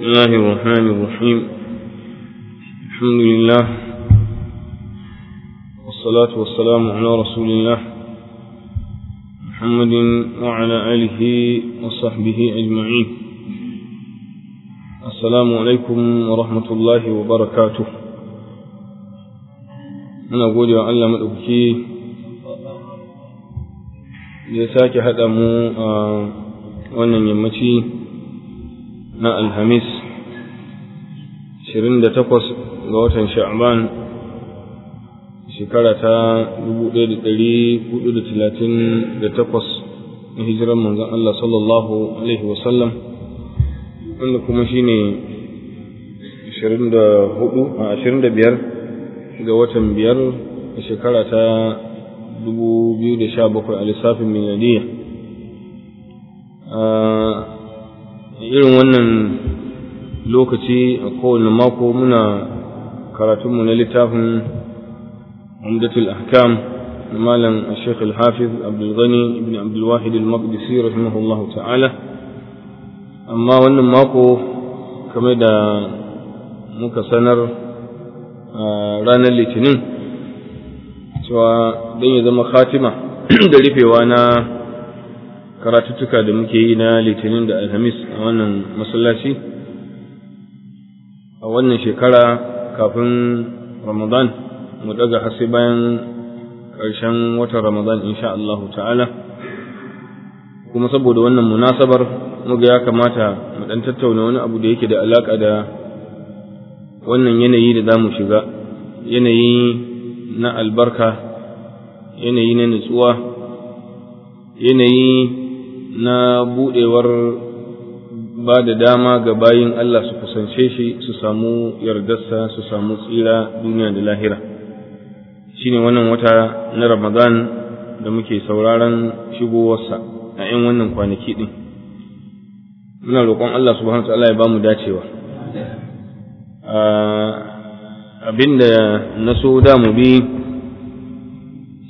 بسم الله الرحمن الرحيم الحمد لله والصلاة والسلام على رسول الله محمد وعلى آله وصحبه أجمعين السلام عليكم ورحمة الله وبركاته أنا أقول يا الله مدعوكي ليساك هذا مو آه، وأنا wannan na alhamis ashirin da takwas ga watan sha'aban shekara ta dubu da da da hudu talatin takwas na hijiran manzon Allah sallallahu alaihi wasallam wanda kuma shi ne ashirin da hudu a ashirin da biyar ga watan biyar a shekara ta dubu biyu da sha bakwai a lissafin a irin wannan lokaci a kowane mako muna karatunmu na littafin umdatul ahkam malam Sheikh al-Hafiz Abdul ibn Abdul Wahid al-Maqdisi rahimahullahu ta'ala amma wannan mako kamar da muka sanar ranar litinin cewa don ya zama khatima da rufewa na karatuttuka da muke yi na litinin da alhamis a wannan masallaci a wannan shekara kafin ramadan mu daga hasi bayan ƙarshen watan ramadan insha Allah ta'ala kuma saboda wannan munasabar muga ya kamata mu dan tattauna wani abu da yake da alaka da wannan yanayi da zamu shiga yanayi na albarka yanayi na nutsuwa yanayi na buɗewar. ba da dama ga bayin Allah su kusance shi su samu yardarsa su samu tsira duniya da lahira Shi ne wannan wata na ramadan da muke sauraron shigowarsa a 'yan wannan kwanaki ɗin muna roƙon Allah subhanahu Allah ya mu dacewa abinda na so da mu bi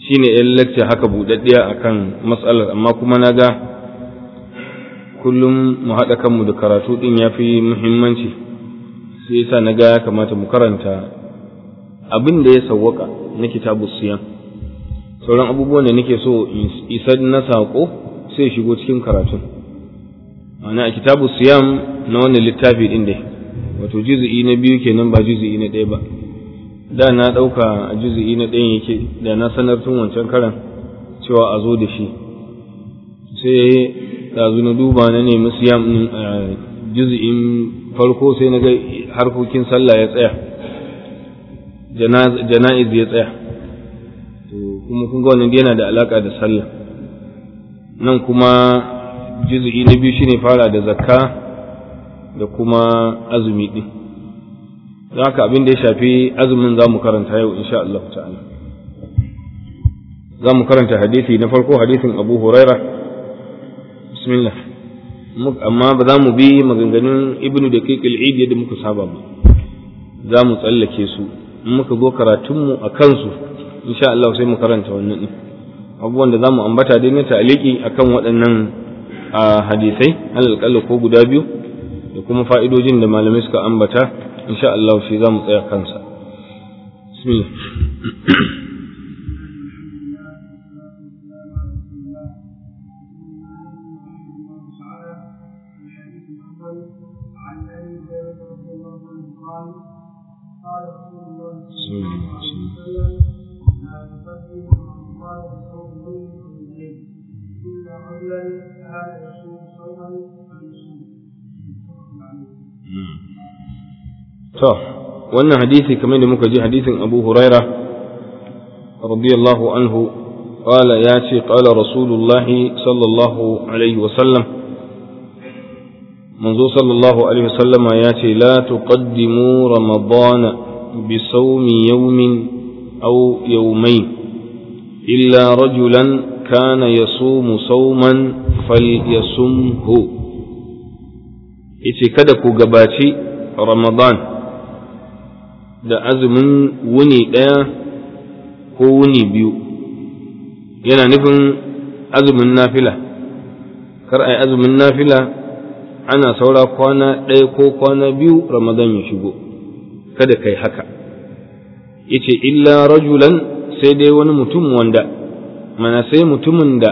shine 'yan lacca haka buɗaɗɗiya kan matsalar amma kuma na ga kullum mu haɗa kanmu da karatu ɗin ya fi muhimmanci sai yasa na ga ya kamata mu karanta abin da ya sawwaka na kitabu siyan sauran abubuwan da nake so isar na saƙo sai shigo cikin karatun ana a kitabu siyam na wannan littafi ɗin dai wato juzu'i na biyu kenan ba juzu'i na ɗaya ba da na ɗauka a juzu'i na ɗayan yake da na sanar tun wancan karan cewa a zo da shi sai ɗazu na duba na nemi siyam juz'in farko sai na ga harkokin sallah ya tsaya jana'iz ya tsaya kuma kun ga wani yana da alaka da sallah nan kuma juz'i na biyu shine fara da zakka da kuma azumi din don haka abin da ya shafi azumin za mu karanta yau insha Allah ta'ala za mu karanta hadisi na farko hadisin Abu Hurairah bismillah amma ba za mu bi maganganun ibnu da kai kal'id yadda muka saba ba za mu tsallake su in muka zo karatunmu a kansu insha Allah sai mu karanta wannan din abubuwan da za mu ambata dai na ta'aliki akan waɗannan hadisai alal ko guda biyu da kuma fa'idojin da malamai suka ambata insha Allah shi za mu tsaya kansa bismillah رجلا كان يصوم صوما فليصوم to wannan hadisi kamar da muka ji hadisin Abu Huraira radiyallahu anhu qala ya ce qala Rasulullah sallallahu alaihi wasallam manzo sallallahu alaihi wasallam ya ce la tuqaddimu ramadana bi sawmi yawmin aw yawmayn illa rajulan kana yasumu sauman sumhu. Ice kada ku gabaci ramadan da azumin wuni ɗaya ko wuni biyu yana nufin azumin nafila kar a yi azumin nafila ana saura kwana ɗaya ko kwana biyu ramadan ya shigo kada kai haka yace illa rajulan sai dai wani mutum wanda mana sai mutumin da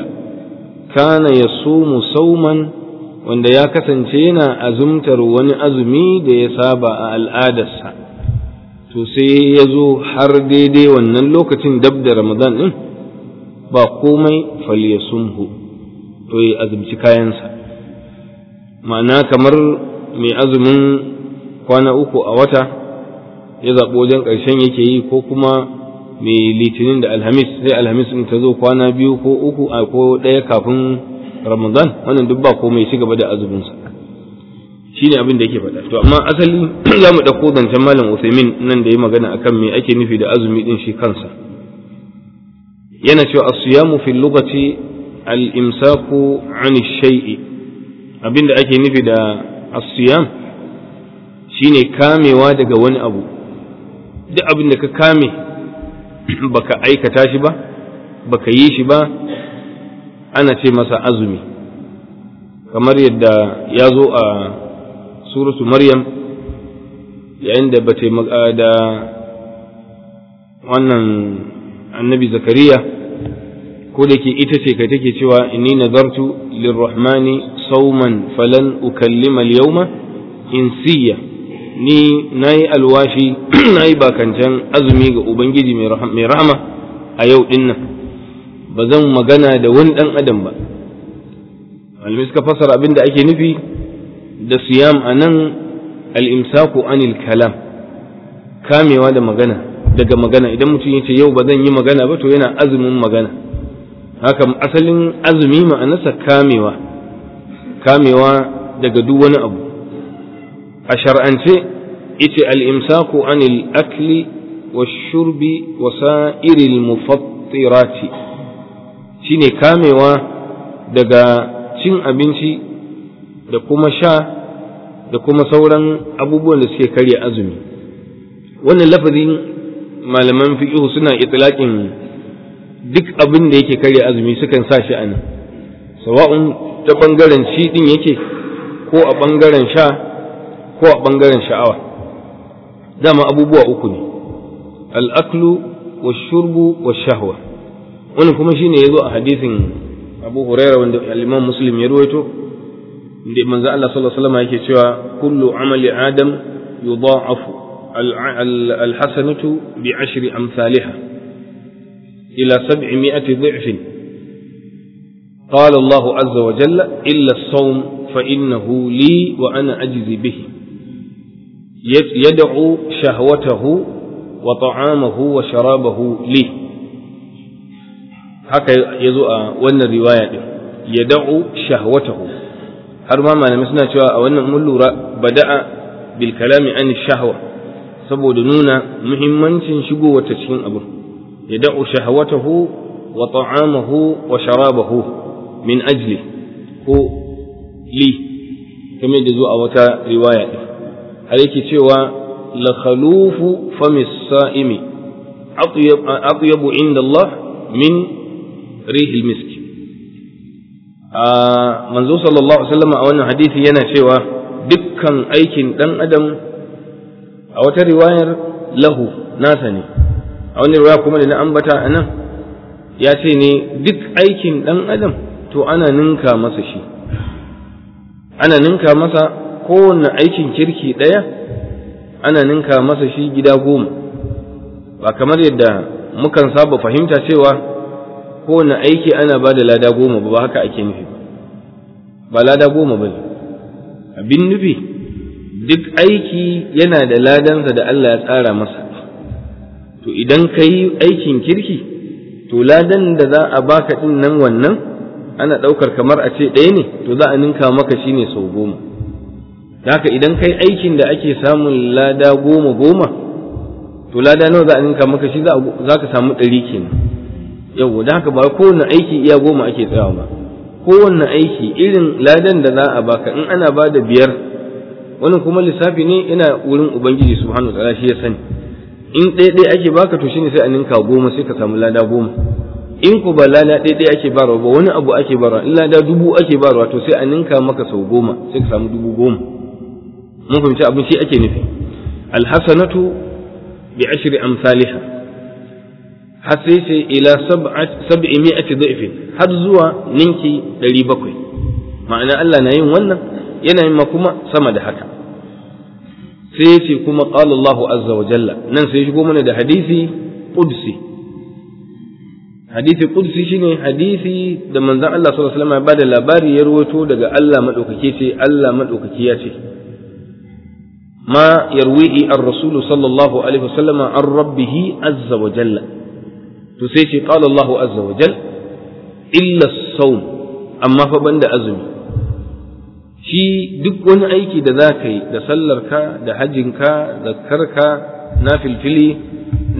kana ya so mu sauman wanda ya kasance yana azumtar wani azumi da ya saba a al'adarsa to sai ya zo har daidai wannan lokacin dab da ramadan ɗin ba komai falyasumhu sumhu to ya azumci kayansa ma'ana kamar mai azumin kwana uku a wata ya zaɓo wajen ƙarshen yake yi ko kuma mai litinin da alhamis sai alhamis in ta zo kwana biyu ko uku a ko ɗaya kafin ramadan wannan duk ba komai ci gaba da azuminsa shi ne abin da yake faɗa to amma asali za mu ɗauko zancen malam usaimin nan da ya magana akan me ake nufi da azumi ɗin shi kansa yana cewa asiyamu fi lokaci al-imsaku an shay'i abin da ake nufi da asiyam shine kamewa daga wani abu duk abin da ka kame baka aikata shi ba baka yi shi ba ana ce masa azumi kamar yadda ya zo a suratu maryam yayin da ba da wannan annabi zakariya ko da ke ita ce kai take cewa inni nazartu lirrahmani sauman falan ukallima al-yawma ni nayi alwashi na yi bakancan azumi ga ubangiji mai rahama a yau ɗin nan ba zan magana da wani dan adam ba malamai suka fasara abin da ake nufi da siyam a nan al'imsaku anil kalam kamewa da magana daga magana idan mutum ya ce yau ba zan yi magana ba to yana azumin magana haka asalin azumi ma'anarsa kamewa kamewa daga duk wani abu a shar'ance ita al'imsaku anil akli wa shurbi wa sa'iril mufattirati shi kamewa daga cin abinci da kuma sha da kuma sauran abubuwan da suke karya azumi wannan lafazin malaman fiƙihu suna itilaƙin duk abin da yake karya azumi sukan sa shi a nan, sawa'un ta ɓangaren ci ɗin yake ko a ɓangaren sha ko a ɓangaren sha'awa dama abubuwa uku ne al'aklu wa shurbu wa shahwa wannan kuma shine yazo a hadisin Abu Hurairah wanda al-Imam Muslim ya ruwaito inda manzo Allah sallallahu alaihi wasallam yake cewa kullu amali adam yudha'afu al-hasanatu bi ashri amsalha ila 700 dha'f قال الله عز وجل إلا الصوم فإنه لي وأنا أجزي به يدعو شهوته وطعامه وشرابه لي haka ya zo a wannan riwaya din ya da'u shahwatahu har ma malamai suna cewa a wannan mun lura bada'a bil kalami an shahwa saboda nuna muhimmancin shigowar ta cikin abu ya da'u shahwatahu wa ta'amahu wa sharabahu min ajli ko li kamar da zo a wata riwaya din har yake cewa la khalufu famis sa'imi atyabu inda Allah min rihil miski a manzo sallallahu alaihi wasallam a wannan hadisi yana cewa dukkan aikin dan adam a wata riwayar lahu nasa ne a wani riwaya kuma da na ambata a nan ya ce ne duk aikin dan adam to ana ninka masa shi ana ninka masa kowane aikin kirki ɗaya ana ninka masa shi gida goma ba kamar yadda mukan saba fahimta cewa kowane aiki ana ba da lada goma ba haka ake nufi ba lada goma ba ne abin nufi duk aiki yana da ladansa da Allah ya tsara masa to idan ka yi aikin kirki to ladan da za a baka ɗin nan wannan ana ɗaukar kamar a ce ɗaya ne to za a ninka maka shi ne sau goma haka idan kai aikin da ake samun lada goma goma to lada nawa za a ninka maka shi za ka samu ɗari kenan yau da haka ba kowane aiki iya goma ake tsayawa ba kowane aiki irin ladan da za a baka in ana ba da biyar wannan kuma lissafi ne yana wurin ubangiji subhanahu wataala shi ya sani in ɗaya ɗaya ake baka to shine sai a ninka goma sai ka samu lada goma in ku ba lada ɗaya ɗaya ake barwa ba wani abu ake barwa in lada dubu ake barwa to sai a ninka maka sau goma sai ka samu dubu goma mun fahimci abin shi ake nufi alhasanatu bi ashri amsalha har sai sai ila sab'i mi'ati dha'fin har zuwa ninki 700 ma'ana Allah na yin wannan yana yin kuma sama da haka sai yace kuma qala azza wa jalla nan sai shigo mana da hadisi qudsi hadisi qudsi shine hadisi da manzon Allah sallallahu alaihi wasallam ya bada labari ya ruwato daga Allah madaukake ce Allah madaukaki ya ce ma yarwihi ar-rasul sallallahu alaihi wasallama an rabbihi azza wa jalla to sai ce qala Allah illa amma fa azumi shi duk wani aiki da za ka yi da sallarka da hajjinka da karka na filfili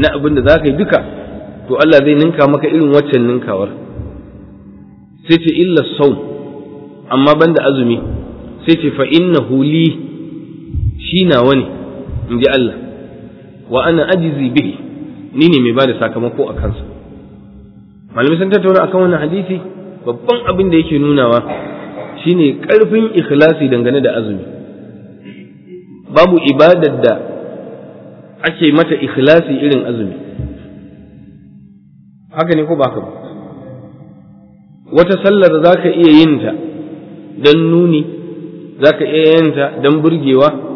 na abin da za ka yi duka to Allah zai ninka maka irin waccan ninkawar sai ce illa saum amma banda azumi sai ce fa huli shi nawa ne in ji Allah wa ana ajizi bihi ni ne mai ba da sakamako a kansa malamai sun tattauna akan wannan hadisi babban abin da yake nunawa shine karfin ikhlasi dangane da azumi babu ibadar da ake mata ikhlasi irin azumi haka ne ko ba haka ba wata sallar za ka iya yin ta don nuni za ka iya yin ta don burgewa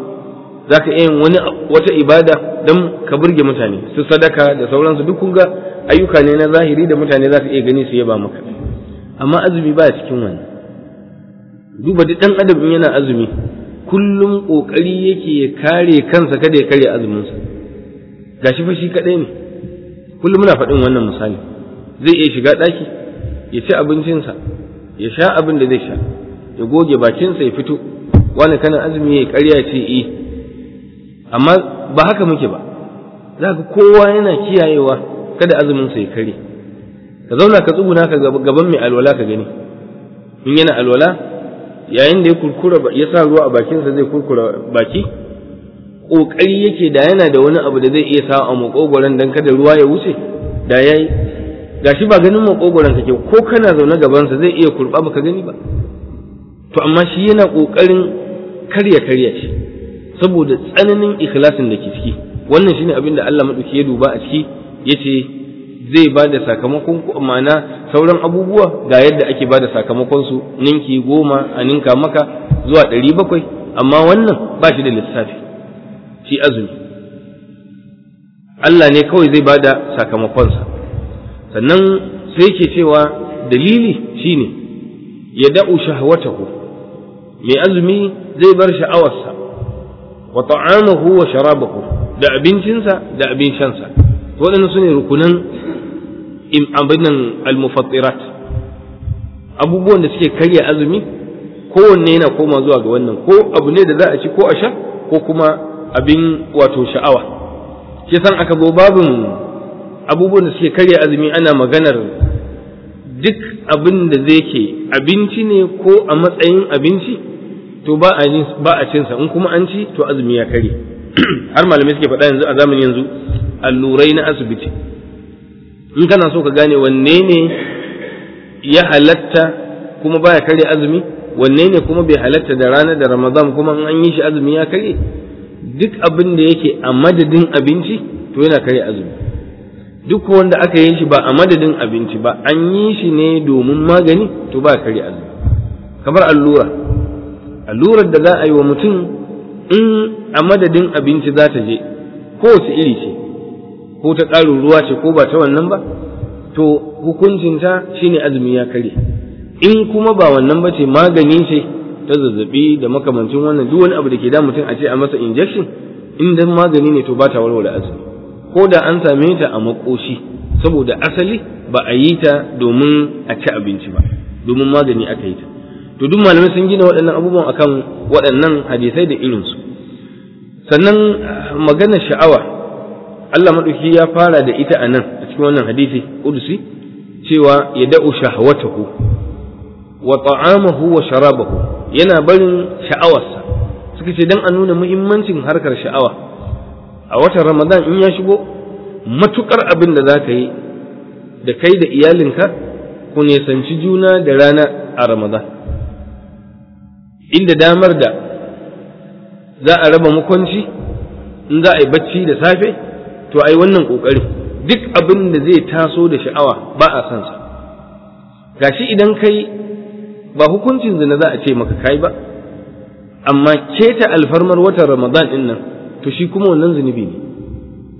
za ka iya wani wata ibada don ka burge mutane su sadaka da sauransu duk ga ayyuka ne na zahiri da mutane za su iya gani su yaba maka amma azumi ba cikin wani duba duk dan adam in yana azumi kullum kokari yake ya kare kansa kada ya karya azuminsa gashi fa shi kadai ne kullum muna faɗin wannan misali zai iya shiga ɗaki ya ci abincinsa ya sha abin da zai sha ya goge bakinsa ya fito wani kana azumi ya karya ce eh amma ba haka muke ba za ka kowa yana kiyayewa kada azumin sai kare ka zauna ka tsuguna ka gaban mai alwala ka gani in yana alwala yayin da ya kurkura ya sa ruwa a bakinsa zai kurkura baki ƙoƙari yake da yana da wani abu da zai iya sa a maƙogwaron don kada ruwa ya wuce da ya yi gashi ba ganin maƙogwaron kake ko kana zaune gabansa zai iya kurɓa baka gani ba to amma shi yana ƙoƙarin karya karya shi saboda tsananin ikhlasin da ke ciki wannan shine abin da Allah madauki ya duba a ciki yace zai ba da sakamakon ku ma'ana sauran abubuwa ga yadda ake ba da sakamakon su ninki goma a ninka maka zuwa ɗari bakwai amma wannan ba shi da lissafi shi azumi Allah ne kawai zai ba da sakamakonsa sannan sai ke cewa dalili shine ya da'u shahwatahu mai azumi zai bar sha'awarsa wa ta'amuhu wa sharabahu da abincinsa da abin shansa waɗannan su ne rukunan abinan almufattirat abubuwan da suke karya azumi kowanne yana koma zuwa ga wannan ko abu ne da za a ci ko a sha ko kuma abin wato sha'awa Ke san aka zo babin abubuwan da suke karya azumi ana maganar duk abin da zai ke abinci ne ko a matsayin abinci to ba a ba a cin in kuma an ci to azumi ya kare har malamai suke faɗa yanzu a zamanin yanzu allurai na asibiti in kana so ka gane wanne ne ya halatta kuma baya kare azumi wanne ne kuma bai halatta da rana da ramadan kuma in an yi shi azumi ya kare duk abin da yake a madadin abinci to yana kare azumi duk wanda aka yi shi ba a madadin abinci ba an yi shi ne domin magani to ba kare azumi kamar allura allurar da za a yi wa mutum in a madadin abinci za ta je ko kowace iri ce ko ta ƙarin ruwa ce ko ba ta wannan ba to hukuncinta shine azumi ya kare in kuma ba wannan ba ce magani ce ta zazzabi da makamancin wannan duk wani abu da ke da mutum a ce a masa injection in dan magani ne to ba ta warware azumi ko da an same ta a makoshi saboda asali ba a yi ta domin a ci abinci ba domin magani aka yi ta to duk malamai sun gina waɗannan abubuwan akan waɗannan hadisai da irinsu sannan ah, maganar sha'awa Allah maɗauki ya fara da ita a nan a cikin wannan hadisi Kudusi. cewa ya da'u shahwatahu wa ta'amahu wa sharabahu yana barin sha'awarsa suka ce dan a nuna muhimmancin harkar sha'awa a watan Ramadan in ya shigo matukar abin da za ka yi da kai da iyalinka ku nisanci juna da rana a Ramadan inda damar da za a raba mukunci in za a yi bacci da safe to ai wannan kokari duk abin da zai taso da sha'awa ba a san sa gashi idan kai ba hukuncin zina za a ce maka kai ba amma keta alfarmar watan ramadan din nan to shi kuma wannan zunubi ne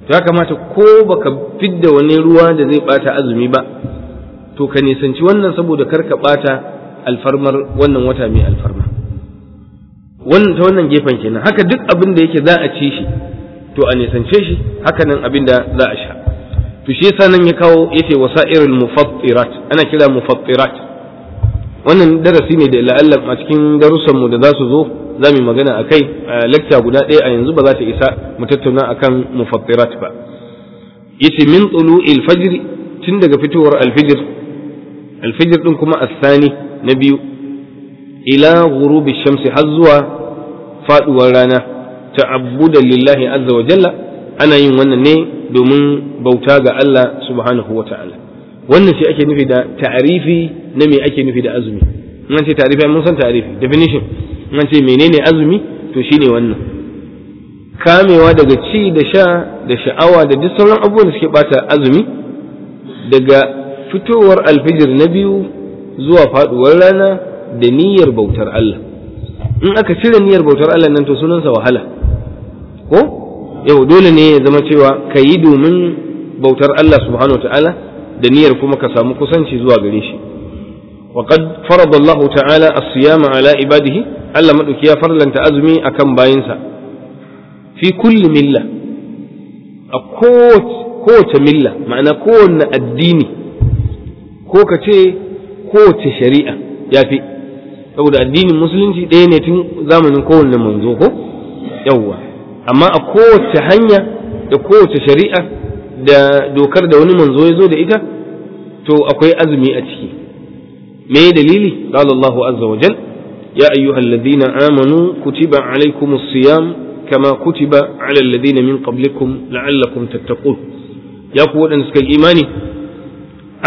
To ya kamata ko baka fidda wani ruwa da zai bata azumi ba to ka nisanci wannan saboda kar ka bata alfarmar wannan wata mai alfarma wannan ta wannan gefen kenan haka duk abin da yake za a ci shi to a nisance shi haka nan abin da za a sha to shi yasa nan ya kawo yace wasa'irul mufattirat ana kira mufattirat wannan darasi ne da la'alla a cikin darussan mu da za su zo za mu magana akai lecture guda ɗaya a yanzu ba za ta isa mu tattauna akan mufattirat ba yace min tulu'il fajr tun daga fitowar alfijir alfijir din kuma asani na biyu ila ghurubi shamsi har zuwa faduwar rana ta'abbuda lillahi azza wa jalla ana yin wannan ne domin bauta ga Allah subhanahu wa ta'ala wannan shi ake nufi da ta'arifi na me ake nufi da azumi in an ce ta'arifi mun san ta'arifi definition in an ce menene azumi to shine wannan kamewa daga ci da sha da sha'awa da duk sauran abubuwan da suke bata azumi daga fitowar alfijir na biyu zuwa faduwar rana da niyyar bautar Allah in aka cire niyyar bautar Allah nan to sunansa wahala ko yau dole ne ya zama cewa ka yi domin bautar Allah subhanahu ta'ala da niyyar kuma ka samu kusanci zuwa gare shi وقد فرض الله تعالى الصيام على عباده ألا مدك يا فرلا تأزمي أكم باينسا في كل ملة أقوت قوت ملة معنى كون الديني ko ka ce kowace shari'a ya fi saboda addinin musulunci ɗaya ne tun zamanin kowanne manzo ko yawwa amma a kowace hanya da kowace shari'a da dokar da wani manzo ya zo da ita to akwai azumi a ciki me dalili qala Allahu azza wa jal ya ayyuhalladhina amanu kutiba alaykumus siyam kama kutiba ala alladhina min qablikum la'allakum tattaqun ya ku waɗanda suka imani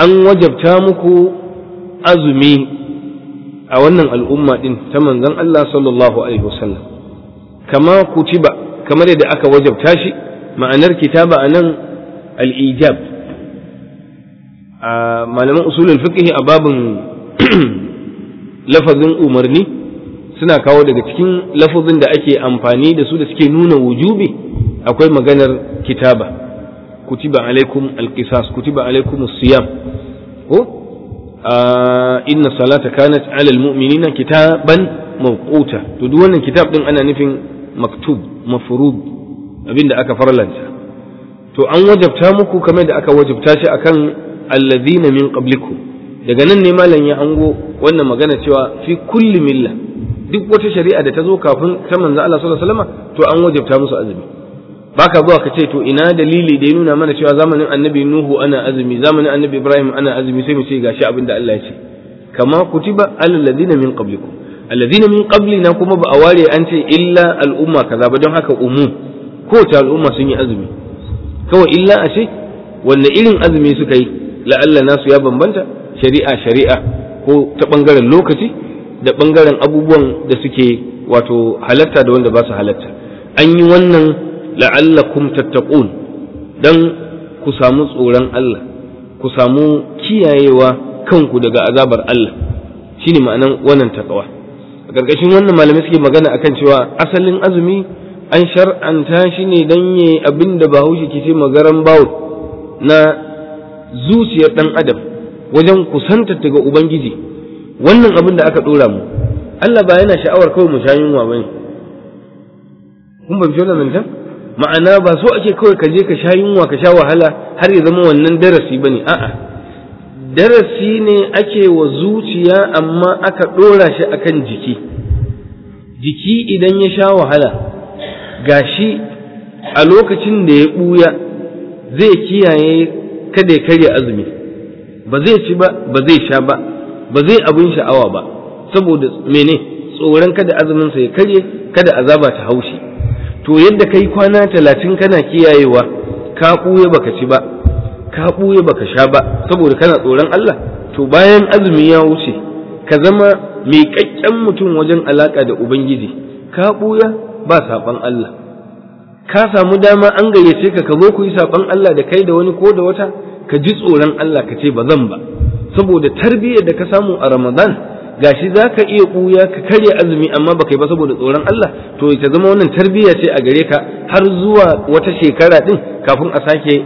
an wajabta muku azumi a wannan al'umma din ta manzon Allah sallallahu alaihi wasallam kama ba, kamar yadda aka wajabta shi ma'anar kitaba anan al A malaman usulul fiqh a babin lafazin umarni suna kawo daga cikin lafazin da ake amfani da su da suke nuna wujubi akwai maganar kitaba kutiba alaikum alqisas kutiba alaikum siyam ko inna salata kanat ala mu'minina kitaban mawquta to duk wannan kitab din ana nufin maktub mafrud abinda aka farlanta to an wajabta muku kamar da aka wajabta shi akan alladhina min qablikum daga nan ne malam ya ango wannan magana cewa fi kulli milla duk wata shari'a da ta zo kafin ta manzo Allah sallallahu alaihi wasallam to an wajabta musu azumi baka zuwa ka ce to ina dalili da ya nuna mana cewa zamanin annabi nuhu ana azumi zamanin annabi ibrahim ana azumi sai mu ce gashi abin da Allah ya ce kama kutiba alal ladina min qablikum alladhina min qablina kuma ba a ware an ce illa al'umma kaza ba don haka umu ta al'umma sun yi azumi kawai illa ashe wanda irin azumi suka yi la'alla nasu ya bambanta shari'a shari'a ko ta bangaren lokaci da bangaren abubuwan da suke wato halatta da wanda ba su halatta an yi wannan la'allakum tattaqun dan ku samu tsoron Allah ku samu kiyayewa kanku daga azabar Allah shine ma'anan wannan takawa a ƙarƙashin wannan malamai suke magana akan cewa asalin azumi an shar'anta shi ne dan yayi abin da bahaushe ke ce magaran bawo na zuciyar ɗan adam wajen kusantar daga ubangiji wannan abin da aka dora mu Allah ba yana sha'awar kawai mu sha yunwa bane kun shi wannan ma'ana ba so ake kawai ka je ka sha yunwa ka sha wahala har ya zama wannan darasi ba ne a'a darasi ne ake wa zuciya amma aka ɗora shi akan jiki jiki idan ya sha wahala gashi a lokacin da ya ɓuya zai kiyaye kada ya karya azumi ba zai ci ba ba zai sha ba ba zai abin sha'awa ba saboda mene tsoron kada azuminsa ya karye kada azaba ta haushi to yadda ka yi kwana talatin kana kiyayewa ka ɓuya baka ci ba ka ɓuya baka sha ba saboda kana tsoron Allah to bayan azumi ya wuce ka zama mai ƙaƙƙen mutum wajen alaƙa da ubangiji ka ɓuya ba saɓon Allah ka samu dama an gayyace ka ka zo ku yi saɓon Allah da kai da wani ko da wata ka ji tsoron Allah ka ce ba zan ba saboda tarbiyyar da ka samu a Ramadan gashi za ka iya ƙuya ka karya azumi amma baka yi ba saboda tsoron Allah to ta zama wannan tarbiyya ce a gare ka har zuwa wata shekara din kafin a sake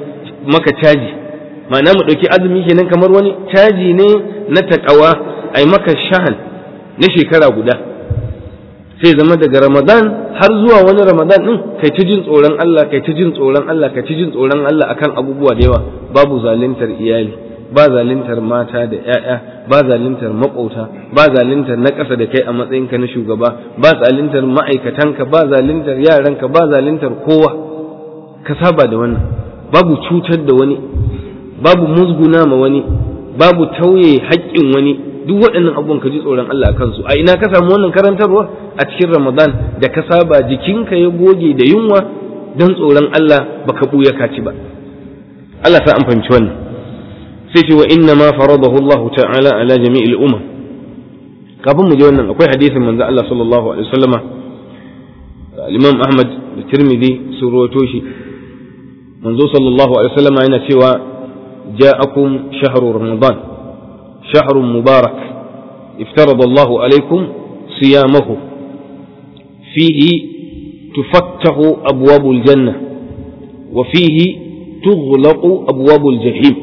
maka caji ma'ana mu ɗauki azumi kenan kamar wani caji ne na taƙawa ai maka shahan na shekara guda sai zama daga ramadan har zuwa wani ramadan ɗin kai ta jin tsoron Allah kai ta jin tsoron Allah kai ta jin tsoron Allah akan abubuwa da yawa babu zaluntar iyali ba zalintar mata da 'ya'ya ba zalintar maƙota ba zalintar na ƙasa da kai a matsayinka na shugaba ba zalintar ma'aikatanka ba zalintar yaranka ba zalintar kowa ka saba da wannan babu cutar da wani babu musguna ma wani babu tauye haƙƙin wani duk waɗannan abubuwan ka ji tsoron Allah a kansu a ina ka samu wannan karantarwa a cikin Ramadan da ka saba jikinka ya goge da yunwa don tsoron Allah baka buya ka ci ba Allah sa an fahimci wannan sai وإنما فرضه الله تعالى على جميع الأمم kafin mu je wannan akwai hadisin manzo Allah sallallahu alaihi wasallama Imam Ahmad da Tirmidhi sun rawaito shi manzo sallallahu alaihi wasallama yana cewa ja'akum shahru ramadan shahrun mubarak iftarada Allah alaikum siyamahu fihi تفتح أبواب الجنة وفيه تغلق أبواب الجحيم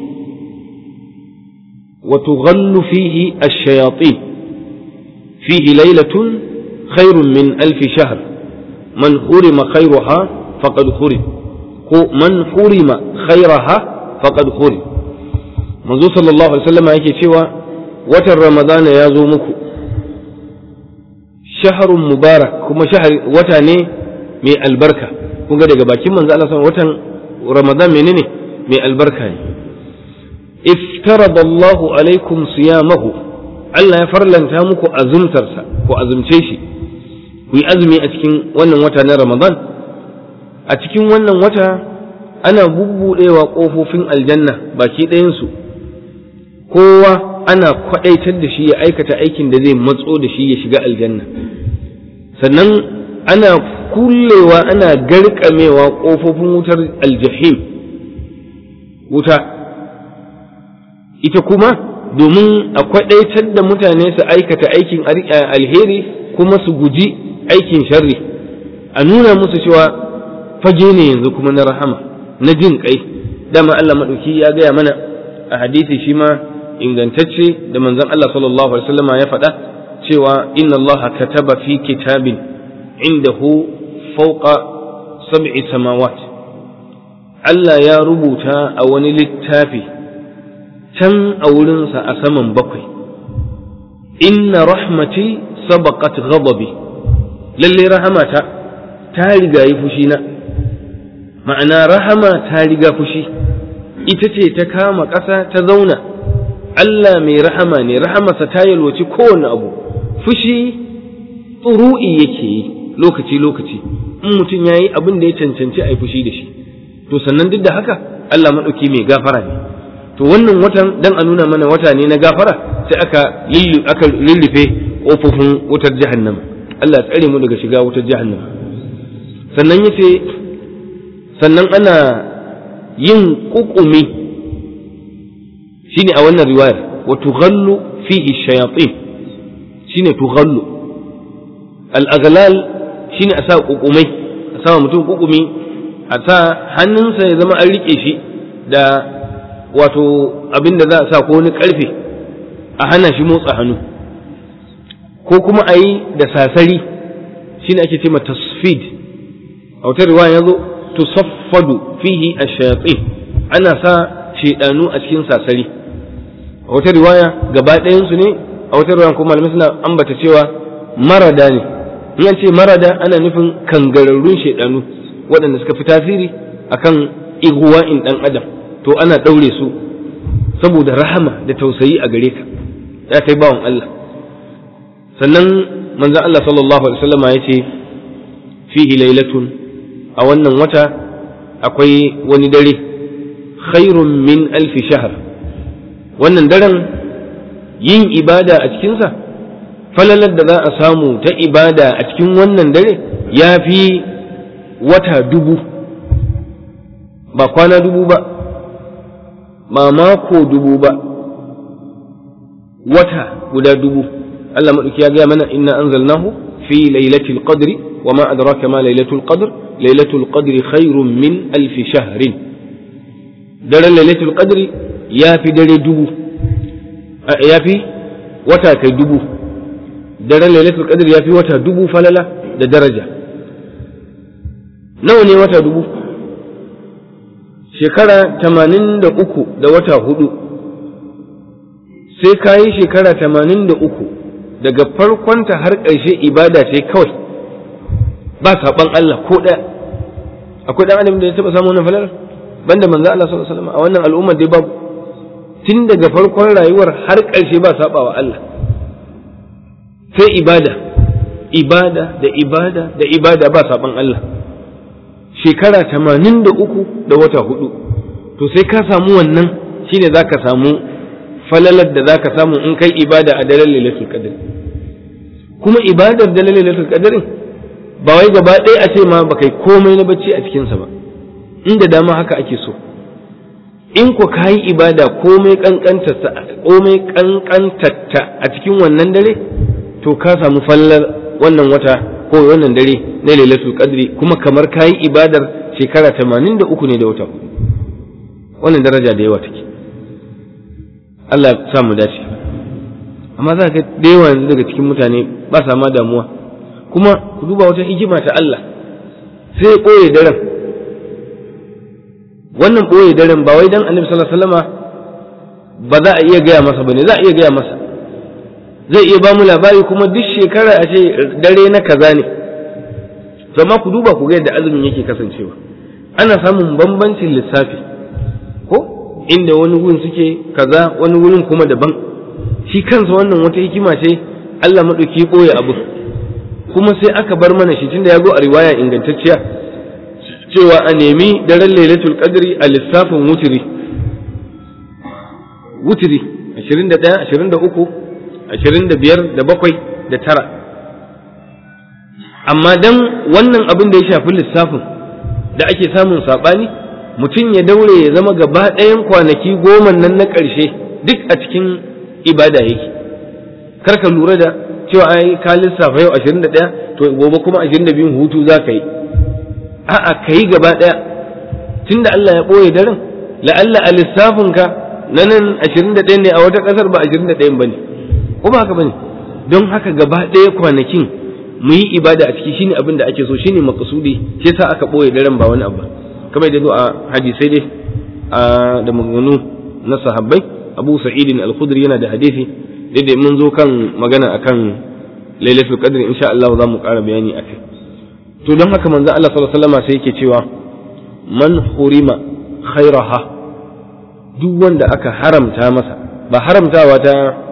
وتغل فيه الشياطين فيه ليلة خير من ألف شهر من خرم خيرها فقد خرم من خرم خيرها فقد خرم منذ صلى الله عليه وسلم أيك شوى وتر رمضان يا زومك شهر مبارك كما شهر وتاني من البركة كنت أقول لك باكي من ذلك وتن رمضان منيني من البركة iftarada Allahu alaikum siyamahu Allah ya farlanta muku azumtarsa ko azumce shi ku yi azumi a cikin wannan wata na Ramadan a cikin wannan wata ana bubbuɗewa ƙofofin aljanna baki ɗayansu kowa ana kwaɗaitar da shi ya aikata aikin da zai matso da shi ya shiga aljanna sannan ana kullewa ana garkamewa ƙofofin wutar aljahim wuta ita kuma domin a kwaɗaitar da mutane su aikata aikin eh, alheri kuma su guji aikin sharri a nuna musu cewa fage ne yanzu kuma na rahama na jin kai dama Allah maɗauki ya gaya mana a hadisi shi ma ingantacce da manzon Allah sallallahu alaihi wasallam ya faɗa cewa inna Allah kataba fi kitabin indahu fawqa sab'i samawat Allah ya rubuta a wani littafi can a wurinsa a saman bakwai inna rahmati sabaqat ghadabi lalle rahamata ta riga yi na. ma'ana rahama ta riga fushi ita ce ta kama ƙasa ta zauna Allah mai rahama ne rahamarsa ta yalwaci kowane abu fushi tsuru'i yake yi lokaci lokaci in mutum ya yi abin da ya cancanci a yi fushi da shi to sannan duk da haka Allah maɗauki mai gafara ne to wannan watan dan a nuna mana wata ne na gafara sai aka lillu aka lillufe wutar jahannam Allah tsare mu daga shiga wutar jahannam sannan yace sannan ana yin kukumi shine a wannan riwayar wa tughallu fihi shayatin shine tughallu al-aghlal shine a sa kukumai a sa mutum kukumi a sa hannunsa ya zama an rike shi da wato abin da za a sa ko wani karfe a hana shi motsa hannu ko kuma a yi da sasari shi ne ake ce ma tasfid a wata riwaya ya zo tusaffadu fihi a shayatin ana sa shaɗanu a cikin sasari a wata riwaya gaba ɗayansu ne a wata riwaya kuma malamai suna ambata cewa marada ne in ce marada ana nufin kangararrun shaɗanu waɗanda suka fi tasiri akan iguwa in ɗan adam to ana ɗaure su saboda rahama da tausayi a gare ka ya kai bawan Allah sannan manzan Allah sallallahu alaihi wasallam ya ce fihi lailatun a wannan wata akwai wani dare khairun min alfi shahar wannan daren yin ibada a cikinsa falalar da za a samu ta ibada a cikin wannan dare ya fi wata dubu ba kwana dubu ba ma mako dubu ba wata guda dubu Allah maɗauki ya gaya mana inna anzalnahu fi lailatul qadri wa ma adraka ma lailatul qadr lailatul qadri khairun min alf shahr daren lailatul qadri ya fi dare dubu ya fi wata kai dubu daren lailatul qadri ya fi wata dubu falala da daraja nawa ne wata dubu shekara tamanin da uku da wata hudu sai ka yi shekara tamanin da uku daga farkonta har ƙarshe ibada ce kawai ba saɓon Allah ko ɗaya akwai ɗan adam da ya taɓa samun wannan falar banda manzo Allah sallallahu alaihi wasallam a wannan al'ummar dai babu tun daga farkon rayuwar har ƙarshe ba saɓawa Allah sai ibada ibada da ibada da ibada ba saɓon Allah shekara tamanin da uku da wata hudu to sai ka samu wannan shine za ka samu falalar da za ka samu in kai ibada a dalar lalatul qadr kuma ibadar dalar lalatul qadr ba wai gaba ɗaya a ce ma ba kai komai na bacci a cikinsa ba inda dama haka ake so in ku ka yi ibada komai kankantarta a cikin wannan dare to ka samu falalar wannan wata ko wannan dare na lailatul qadri kuma kamar kayi ibadar shekara 83 ne da wata wannan daraja da yawa take Allah ya sa mu dace amma za ka da yawa yanzu daga cikin mutane ba sa ma damuwa kuma ku duba wata hikima ta Allah sai ya ɓoye daren wannan ɓoye daren ba wai dan annabi sallallahu alaihi wasallama ba za a iya gaya masa bane za a iya gaya masa zai iya ba mu labari kuma duk shekara a ce dare na kaza ne Zama ku duba ku ga yadda azumin yake kasancewa ana samun bambancin lissafi ko inda wani wurin suke kaza wani gurin kuma daban shi kansa wannan wata hikima ce Allah maɗauki koya abu kuma sai aka bar mana shi tunda ya zo a riwaya ingantacciya cewa a nemi daren lailatul qadri a lissafin wutiri wutiri 21 23 ashirin da biyar da bakwai da tara amma dan wannan abin da ya shafi lissafin da ake samun saɓani mutum ya daure ya zama gaba ɗayan kwanaki goma nan na ƙarshe duk a cikin ibada yake kar ka lura da cewa ai ka lissafa yau ashirin da ɗaya, to gobe kuma ashirin da biyun hutu za ka yi a'a ka yi gaba ɗaya da Allah ya ɓoye daren la'alla a lissafinka na nan ashirin da ɗaya ne a wata ƙasar ba ashirin da ɗayan ba ne ko ba haka bane don haka gaba ɗaya kwanakin mu yi ibada a ciki shine abin da ake so shine makasudi shi yasa aka boye daren ba wani abu kamar da a hadisai dai da maganganu na sahabbai Abu Sa'id al-Khudri yana da hadisi daidai mun zo kan magana akan Lailatul Qadr insha Allah za mu ƙara bayani a kai to don haka manzo Allah sallallahu alaihi wasallam sai yake cewa man hurima khairaha duk wanda aka haramta masa ba haramtawa ta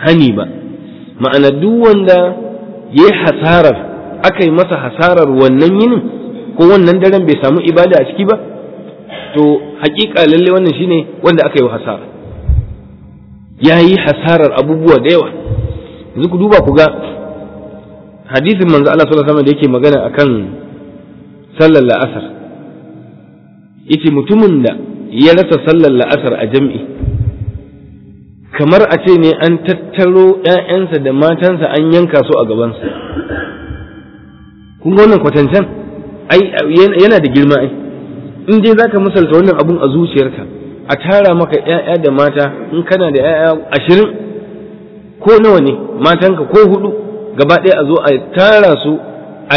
hani ba ma'ana duk wanda ya yi hasarar aka yi masa hasarar wannan yinin ko wannan daren bai samu ibada a ciki ba to hakika lalle wannan shine wanda aka yi hasara ya yi hasarar abubuwa da yawa yanzu ku duba ku ga hadisin manzo Allah sallallahu alaihi da yake magana akan sallar la'asar yace mutumin da ya rasa sallar la'asar a jami'i. kamar a ce ne an tattaro ‘ya'yansa da matansa an yanka su a gabansa kun ga wannan kwatancan ai yana da girma ai in dai zaka misalta wannan abun a zuciyarka a tara maka ‘ya'ya da mata in kana da ‘ya'ya ashirin ko nawa ne matanka ko hudu gaba ɗaya a zo a tara su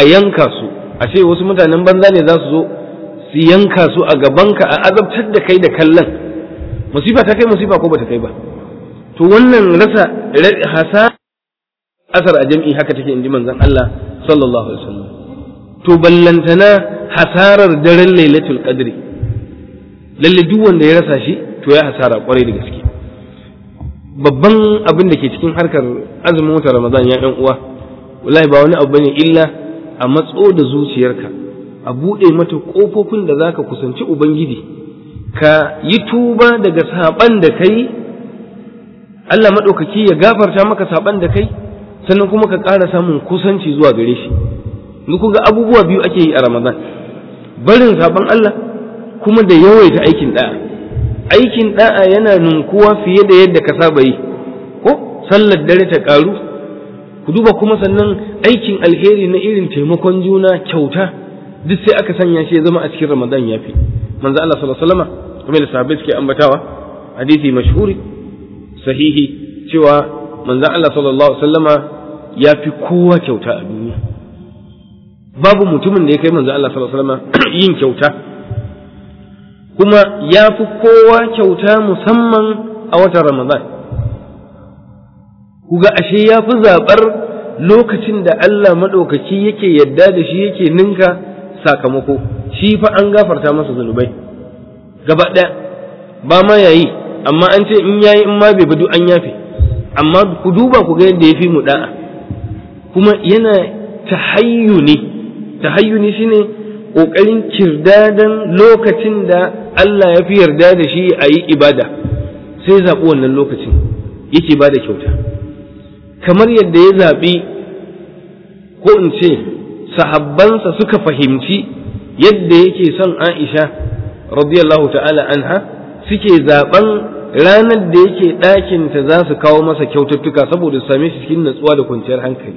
a yanka su a ce wasu mutanen banza ne za su zo su yanka su a gabanka a azabtar da kai da kallon musifa ta kai musifa ko bata kai ba to wannan rasa hasa asar a jam'i haka take inji manzon Allah sallallahu alaihi wasallam to ballantana hasarar daren lailatul qadri lalle duk wanda ya rasa shi to ya hasara kwarai da gaske babban abin da ke cikin harkar azumin wata ramadan ya ɗan uwa wallahi ba wani abu bane illa a matso da zuciyarka a buɗe mata ƙofofin da zaka kusanci ubangiji ka yi tuba daga saban da kai Allah maɗaukaki ya gafarta maka saɓan da kai sannan kuma ka ƙara samun kusanci zuwa gare shi ni ga abubuwa biyu ake yi a ramadan barin saɓan Allah kuma da yawaita aikin ɗaya, aikin ɗa'a yana nunkuwa fiye da yadda ka saba yi ko sallar dare ta ƙaru ku duba kuma sannan aikin alheri na irin taimakon juna kyauta duk sai aka sanya shi ya zama a cikin ramadan ya fi manzo Allah sallallahu alaihi wasallam kuma da sahabbai suke ambatawa hadisi mashhuri sahihi cewa manzan Allah sallallahu alaihi wasallama ya fi kowa kyauta a duniya babu mutumin da ya kai manzan Allah sallallahu alaihi wasallama yin kyauta kuma ya fi kowa kyauta musamman a watan Ramadan kuga ashe ya fi zaɓar lokacin da Allah maɗaukaki yake yadda da shi yake ninka sakamako shi fa an gafarta masa zunubai gaba ɗaya ba ma yayi amma an ce in yayi in ma bai bado an yafe amma ku duba ku ga yadda ya fi mu da'a kuma yana tahayyuni tahayyuni shine kokarin kirdadan lokacin da Allah ya fi yarda da shi a yi ibada sai zaɓi wannan lokacin yake ba da kyauta kamar yadda ya zaɓi ko in ce sahabbansa suka fahimci yadda yake son Aisha radiyallahu ta'ala anha suke zaɓen ranar da yake ɗakinta za su kawo masa kyaututtuka saboda su same shi cikin natsuwa da kwanciyar hankali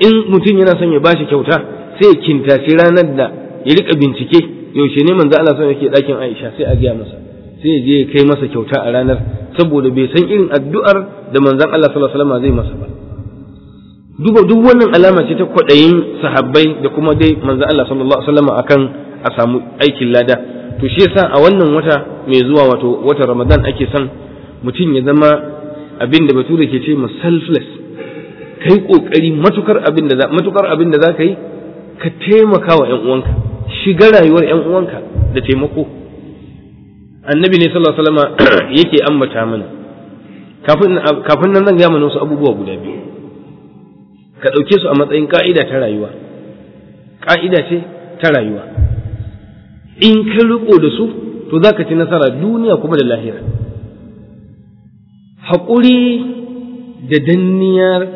in mutum yana son ya ba shi kyauta sai ya kintace ranar da ya riƙa bincike yaushe ne manzo Allah son yake ɗakin Aisha sai a gaya masa sai ya je ya kai masa kyauta a ranar saboda bai san irin addu'ar da manzon Allah sallallahu alaihi wasallam zai masa ba duba duk wannan alama ce ta kwaɗayin sahabbai da kuma dai manzon Allah sallallahu alaihi wasallam akan a samu aikin lada to shi yasa a wannan wata mai zuwa wato wata ramadan ake son mutum ya zama abin da bature ke ce selfless kai kokari matukar abin da matukar abin yi ka taimaka wa ƴan uwanka shiga rayuwar ƴan uwanka da taimako annabi ne sallallahu alaihi wasallam yake ambata mana kafin kafin nan zan ga mana wasu abubuwa guda biyu ka ɗauke su a matsayin ka'ida ta rayuwa ka'ida ce ta rayuwa in ka riko da su to za ka ci nasara duniya kuma da lahira haƙuri da danniyar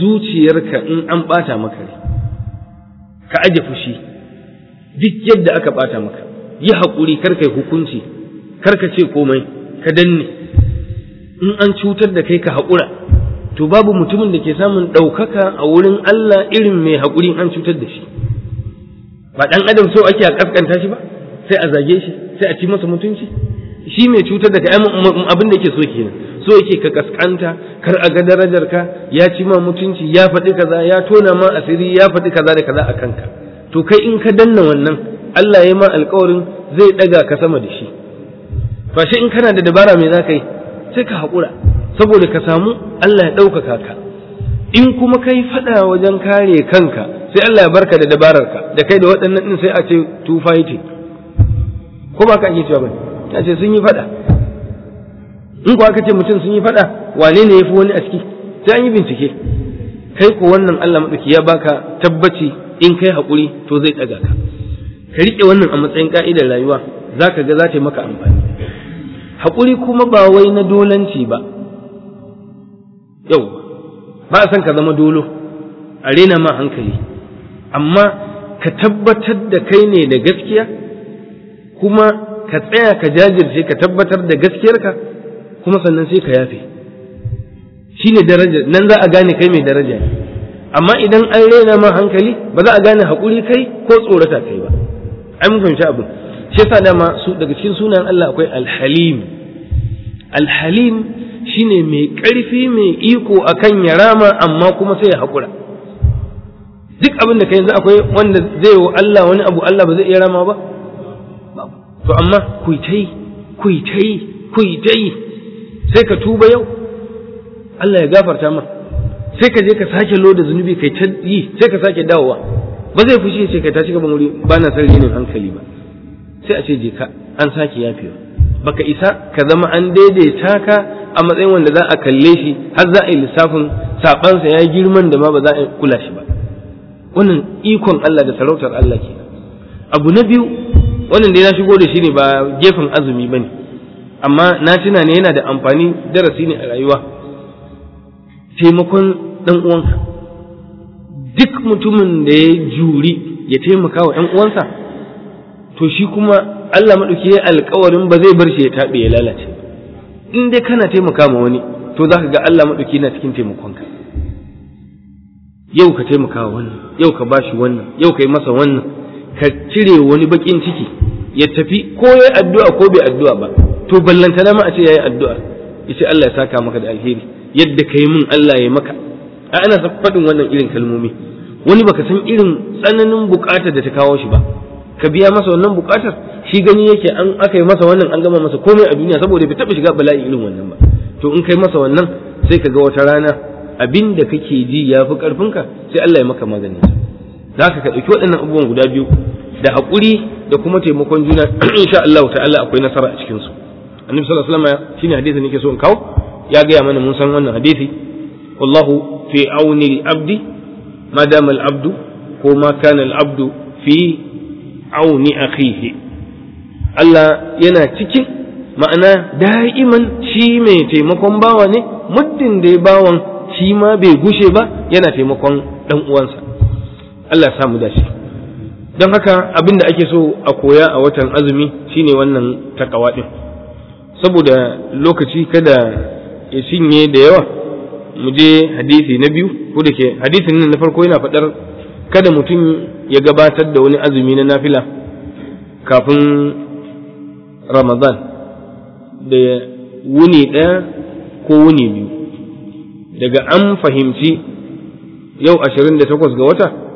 zuciyarka in an ɓata maka ka aje fushi duk yadda aka ɓata maka yi haƙuri kar yi hukunci kar ce komai ka danne in an cutar da kai ka haƙura to babu mutumin da ke samun ɗaukaka a wurin Allah irin mai haƙuri an cutar da shi ba ɗan adam so ake a ƙasƙanta shi ba sai a zage shi sai a ci masa mutunci shi mai cutar da kai abin da yake so kenan so yake ka kaskanta kar a ga darajar ka ya ci ma mutunci ya faɗi kaza ya tona ma asiri ya faɗi kaza da kaza a kanka to kai in ka danna wannan Allah ya ma alƙawarin zai ɗaga ka sama da shi shi in kana da dabara mai za ka yi sai ka haƙura saboda ka samu Allah ya ɗaukaka ka in kuma kai faɗa wajen kare kanka sai Allah ya barka da dabararka da kai da waɗannan ɗin sai a ce two fighting ko ba ka ake cewa bane ta ce sun yi faɗa in ko aka ce mutum sun yi faɗa wane ne ya fi wani a ciki sai an yi bincike kai ko wannan Allah maɗauki ya baka tabbaci in kai haƙuri to zai ɗaga ka ka riƙe wannan a matsayin ƙa'idar rayuwa za ka ga za ta yi maka amfani haƙuri kuma ba wai na dolanci ba yau ba a san ka zama dolo a rena ma hankali amma ka tabbatar da kai ne da gaskiya kuma ka tsaya ka jajirce ka tabbatar da gaskiyarka kuma sannan sai ka yafe Shi ne daraja nan za a gane kai mai daraja ne amma idan an rena ma hankali ba za a gane haƙuri kai ko tsorata kai ba an mun fahimci abin shi yasa dama su daga cikin sunan Allah akwai alhalim alhalim shine mai ƙarfi mai iko akan yarama amma kuma sai ya haƙura duk abin da kai yanzu akwai wanda zai wa Allah wani abu Allah ba zai iya rama ba to amma ku ta yi ku ta yi ku ta yi sai ka tuba yau Allah ya gafarta ma sai ka je ka sake loda zunubi kai ta yi sai ka sake dawowa ba zai fushi ce kai tashi gaban wuri ba na san rinin hankali ba sai a ce je ka an sake yafewa baka isa ka zama an daidaita ka a matsayin wanda za a kalle shi har za a yi lissafin sabansa ya girman da ma ba za a kula shi ba wannan ikon Allah da sarautar Allah ke abu na biyu wannan dai na shigo da shi ne ba gefen azumi ba ne amma na tuna ne yana da amfani darasi ne a rayuwa taimakon ɗan uwanka duk mutumin da ya juri ya taimaka wa ‘yan uwansa to shi kuma Allah maɗauki ya alkawarin ba zai bar shi ya taɓe ya lalace in dai kana taimaka ma wani to za ka ga Allah maɗauki yana cikin taimakonka yau ka taimaka wa wannan yau ka bashi wannan yau ka yi masa wannan ka cire wani bakin ciki ya tafi ko yayi addu'a ko bai addu'a ba to ballanta dama a ce yayi addu'a yace Allah ya saka maka da alheri yadda kai mun Allah ya maka a ana faɗin wannan irin kalmomi wani baka san irin tsananin bukatar da ta kawo shi ba ka biya masa wannan bukatar shi gani yake an aka yi masa wannan an gama masa komai a duniya saboda bai taɓa shiga bala'i irin wannan ba to in kai masa wannan sai ka ga wata rana abin da kake ji ya fi ƙarfinka sai Allah ya maka maganin za ka ka ɗauki waɗannan abubuwan guda biyu da haƙuri da kuma taimakon juna sha Allah Allah akwai nasara a cikin su annabi sallallahu alaihi wasallam shine hadisin nake so in kawo ya gaya mana mun san wannan hadisi wallahu fi auni al-abdi ma al-abdu ko ma kana al-abdu fi auni akhihi Allah yana cikin ma'ana da'iman shi mai taimakon bawa ne muddin da ya bawan shi ma bai gushe ba yana taimakon dan uwansa Allah samu dace don haka abin da ake so a koya a watan azumi shine wannan takawa din saboda lokaci kada ya cinye da yawa mu je hadisi na biyu ko da ke hadisin nan na farko yana faɗar kada mutum ya gabatar da wani azumi na nafila kafin ramadan da wuni ɗaya ko wuni biyu daga an fahimci yau 28 ga wata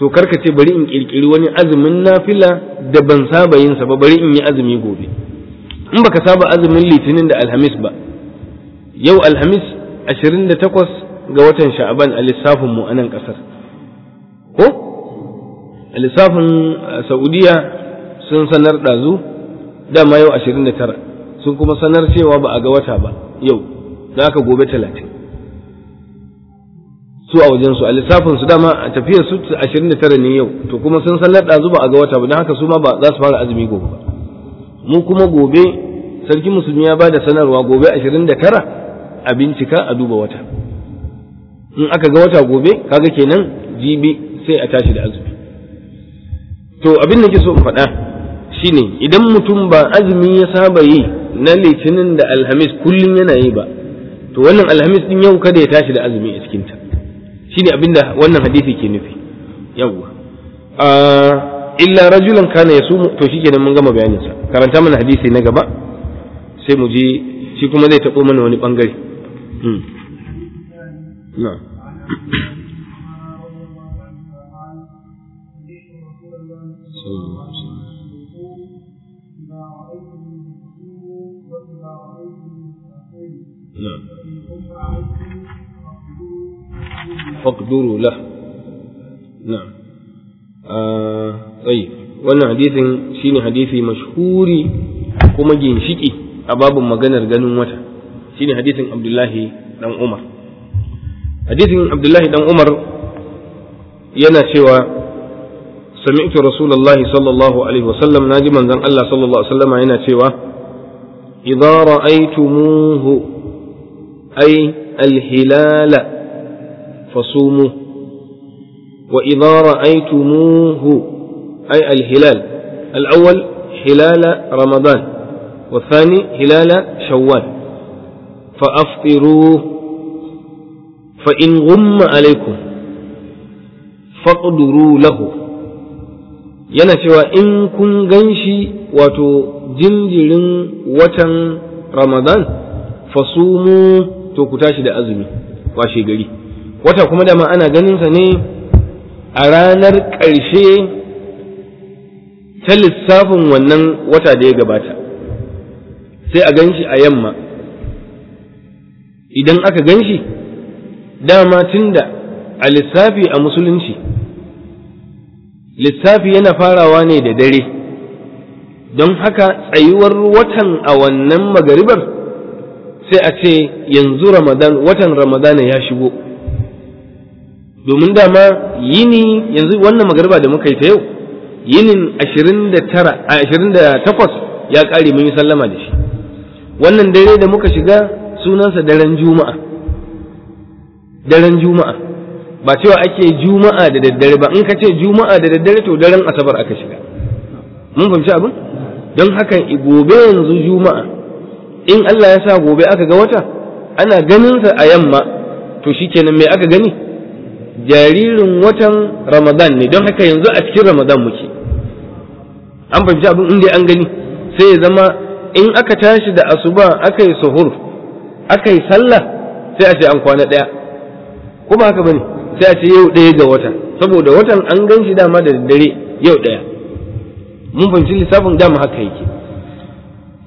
to karka ce bari in kirkiri wani azumin nafila da ban saba yin sa ba bari in yi azumi gobe in baka saba azumin litinin da alhamis ba yau alhamis 28 ga watan sha'aban a lissafin mu a nan kasar ko a lissafin saudiya sun sanar ɗazu dama yau 29 sun kuma sanar cewa ba a ga wata ba yau da aka gobe talatin. su a wajen su a lissafin su dama a tafiyar su 29 ne yau to kuma sun san ladda zuba a ga wata ba don haka su ma ba za su fara azumi gobe ba mu kuma gobe sarki musulmi ya bada sanarwa gobe 29 a bincika a duba wata in aka ga wata gobe kaga kenan jibi sai a tashi da azumi to abin da ke so in faɗa shine idan mutum ba azumi ya saba yi na litinin da alhamis kullum yana yi ba to wannan alhamis din yau kada ya tashi da azumi a cikinta shi ne abinda wannan hadisi ke nufi yawwa ah, illa rajulan kana sumu to shikenan mun gama bayanin sa karanta mana hadisi na gaba sai mu je shi kuma zai taɓo mana wani bangare hmm. wannan hadisin shine hadisi mashhuri kuma ginshiki a babin maganar ganin wata shine hadisin abdullahi dan umar hadisin abdullahi dan umar yana cewa samitu رسول الله صلى الله عليه وسلم ناجما زن الله صلى الله عليه وسلم هنا سوى إذا رأيتموه فصوموا وإذا رأيتموه أي الهلال الأول هلال رمضان والثاني هلال شوال فأفطروه فإن غم عليكم فاقدروا له yana cewa in kun gan shi wato jinjirin watan ramadan fasumu to ku tashi da azumi washe gari wata kuma dama ana ganinsa ne a ranar ƙarshe ta lissafin wannan wata da ya gabata sai a ganshi a yamma idan aka ganshi dama tunda a lissafi a musulunci lissafi yana farawa ne da dare don haka tsayuwar watan a wannan magaribar sai a ce yanzu watan ramadana ya shigo domin dama yini yanzu wannan magariba da muka yi ta yau yinin 28 ya ƙare mun yi sallama da shi wannan dare da muka shiga sunansa daren juma'a daren juma'a ba cewa ake juma'a da daddare ba in ka ce juma'a da daddare to daren asabar aka shiga mun fahimci abin don haka gobe yanzu juma'a in Allah ya sa gobe aka ga wata ana ganinsa a yamma to shikenan me aka gani jaririn watan ramadan ne don haka yanzu a cikin ramadan muke an fahimci abin inda an gani sai ya zama in aka tashi da asuba aka yi suhur aka yi sallah sai a ce an kwana ɗaya kuma haka bane sai a ce yau ɗaya ga wata saboda watan an gan shi dama da daddare yau ɗaya mun fahimci lissafin dama haka yake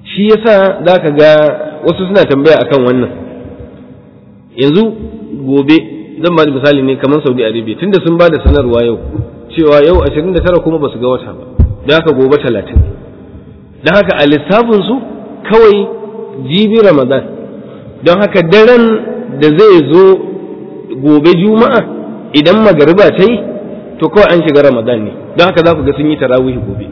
shi yasa za ka ga wasu suna tambaya akan wannan yanzu gobe zan ba da misali ne kamar saudi arabia tunda sun ba da sanarwa yau cewa yau 29 kuma ba su ga wata ba da haka gobe 30 don haka a lissafin su kawai jibi ramadan don haka daren da zai zo gobe juma'a idan magariba ta yi to kawai an shiga ramadan ne don haka za ku ga sun yi tarawih gobe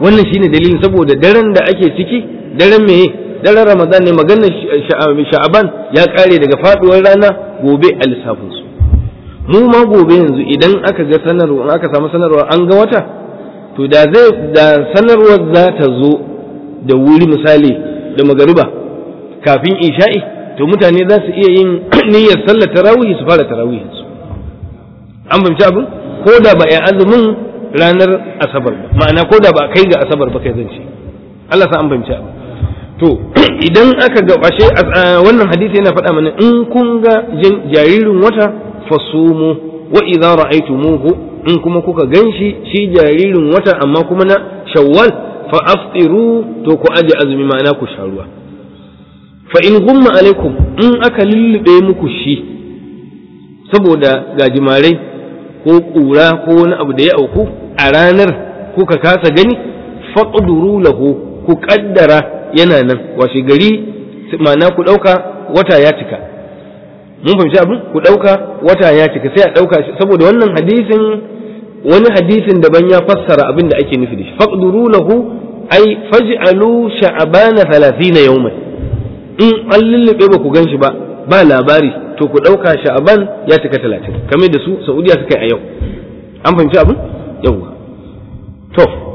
wannan shine dalilin saboda daren da ake ciki daren meye daren ramadan ne maganar um, sha'aban ya kare daga faduwar rana gobe a lissafinsu. mu ma gobe yanzu idan aka ga sanarwa aka samu sanarwa an ga wata to da zai da sanarwar za ta zo da wuri misali da magariba kafin isha'i to mutane za su iya yin niyyar sallar tarawih su fara tarawih su an fahimci abin ko da ba ya azumin ranar asabar ba ma'ana ko da ba kai ga asabar ba kai zance Allah sa an fahimci abin to idan aka gabashe wannan hadisi yana faɗa mana in kun ga jaririn wata fasumu wa idza ra'aytumuhu in kuma kuka ganshi shi jaririn wata amma kuma na shawwal fa aftiru to ku aje azumi ma'ana ku sha ruwa fa in gumma alaikum in aka lullube muku shi saboda gajimare, ko kura ko wani abu da ya auku a ranar kuka kasa gani faqduru lahu ku kaddara yana nan washe gari ma'ana ku ɗauka wata ya cika mun fahimci abin ku ɗauka wata ya cika sai a ɗauka shi saboda wannan hadisin wani hadisin daban ya fassara abin da ake nufi da shi faqduru lahu ai faj'alu sha'abana 30 yawman in an lullube ba ku ganshi ba ba labari to ku ɗauka sha'ban ya cika 30 kamar da su saudiya suka yi a yau an fahimci abin yawwa to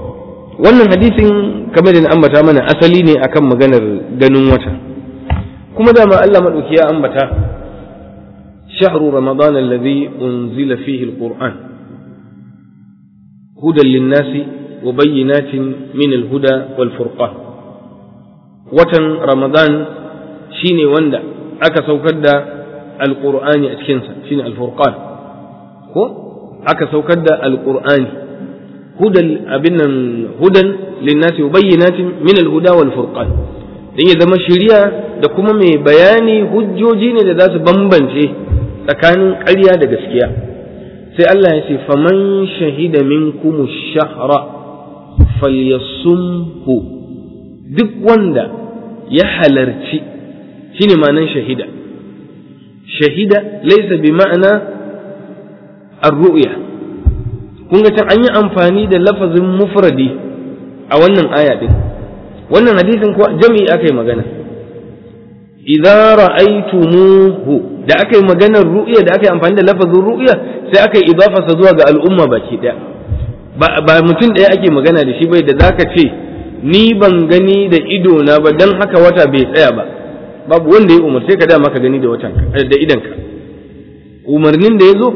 wannan hadisin kamar da ambata mana asali ne akan maganar ganin wata kuma dama Allah madauki ya ambata shahru ramadan alladhi unzila fihi alquran hudan linnasi wa bayyinatin min alhuda wal furqan watan ramadan shine wanda aka saukar da alqur'ani a cikin sa shine alfurqan ko aka saukar da alqur'ani hudan abin nan hudan linnasi wa bayyinatin min al-huda wal furqan dan ya zama shiriya da kuma mai bayani hujjoji ne da za su bambance tsakanin karya da gaskiya sai Allah ya ce faman shahida minkum shahra falyasumhu duk wanda ya halarci shine ma'anan shahida shahida laysa bi ma'ana ar-ru'ya kun ga can an yi amfani da lafazin mufradi a wannan aya din wannan hadisin ko jami'i aka yi magana idza ra'aytumuhu da aka yi maganar ru'ya da aka yi amfani da lafazin ru'ya sai aka yi sa zuwa ga al'umma baki daya ba mutum ɗaya ake magana da shi bai da zaka ce ni ban gani da ido na ba dan haka wata bai tsaya ba babu wanda ya umarce ka da ka gani da watan eh, da idanka umarnin da ya zo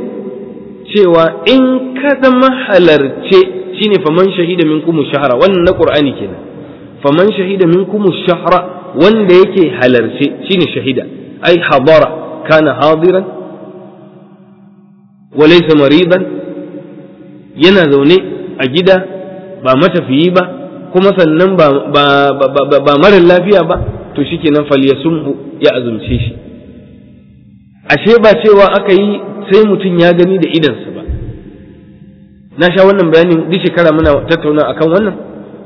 cewa in ka zama halarce shine faman shahida minkum shahara wannan na qur'ani kenan faman shahida minkum shahara wanda yake halarce shine shahida ai hadara kana hadiran wa laysa yana zaune a gida ba matafiyi ba kuma sannan ba ba ba, ba, ba mara lafiya ba to shikenan falyasumhu ya azumce shi ashe ba cewa aka yi sai mutum ya gani da idansa ba na sha wannan bayanin duk shekara muna tattauna akan wannan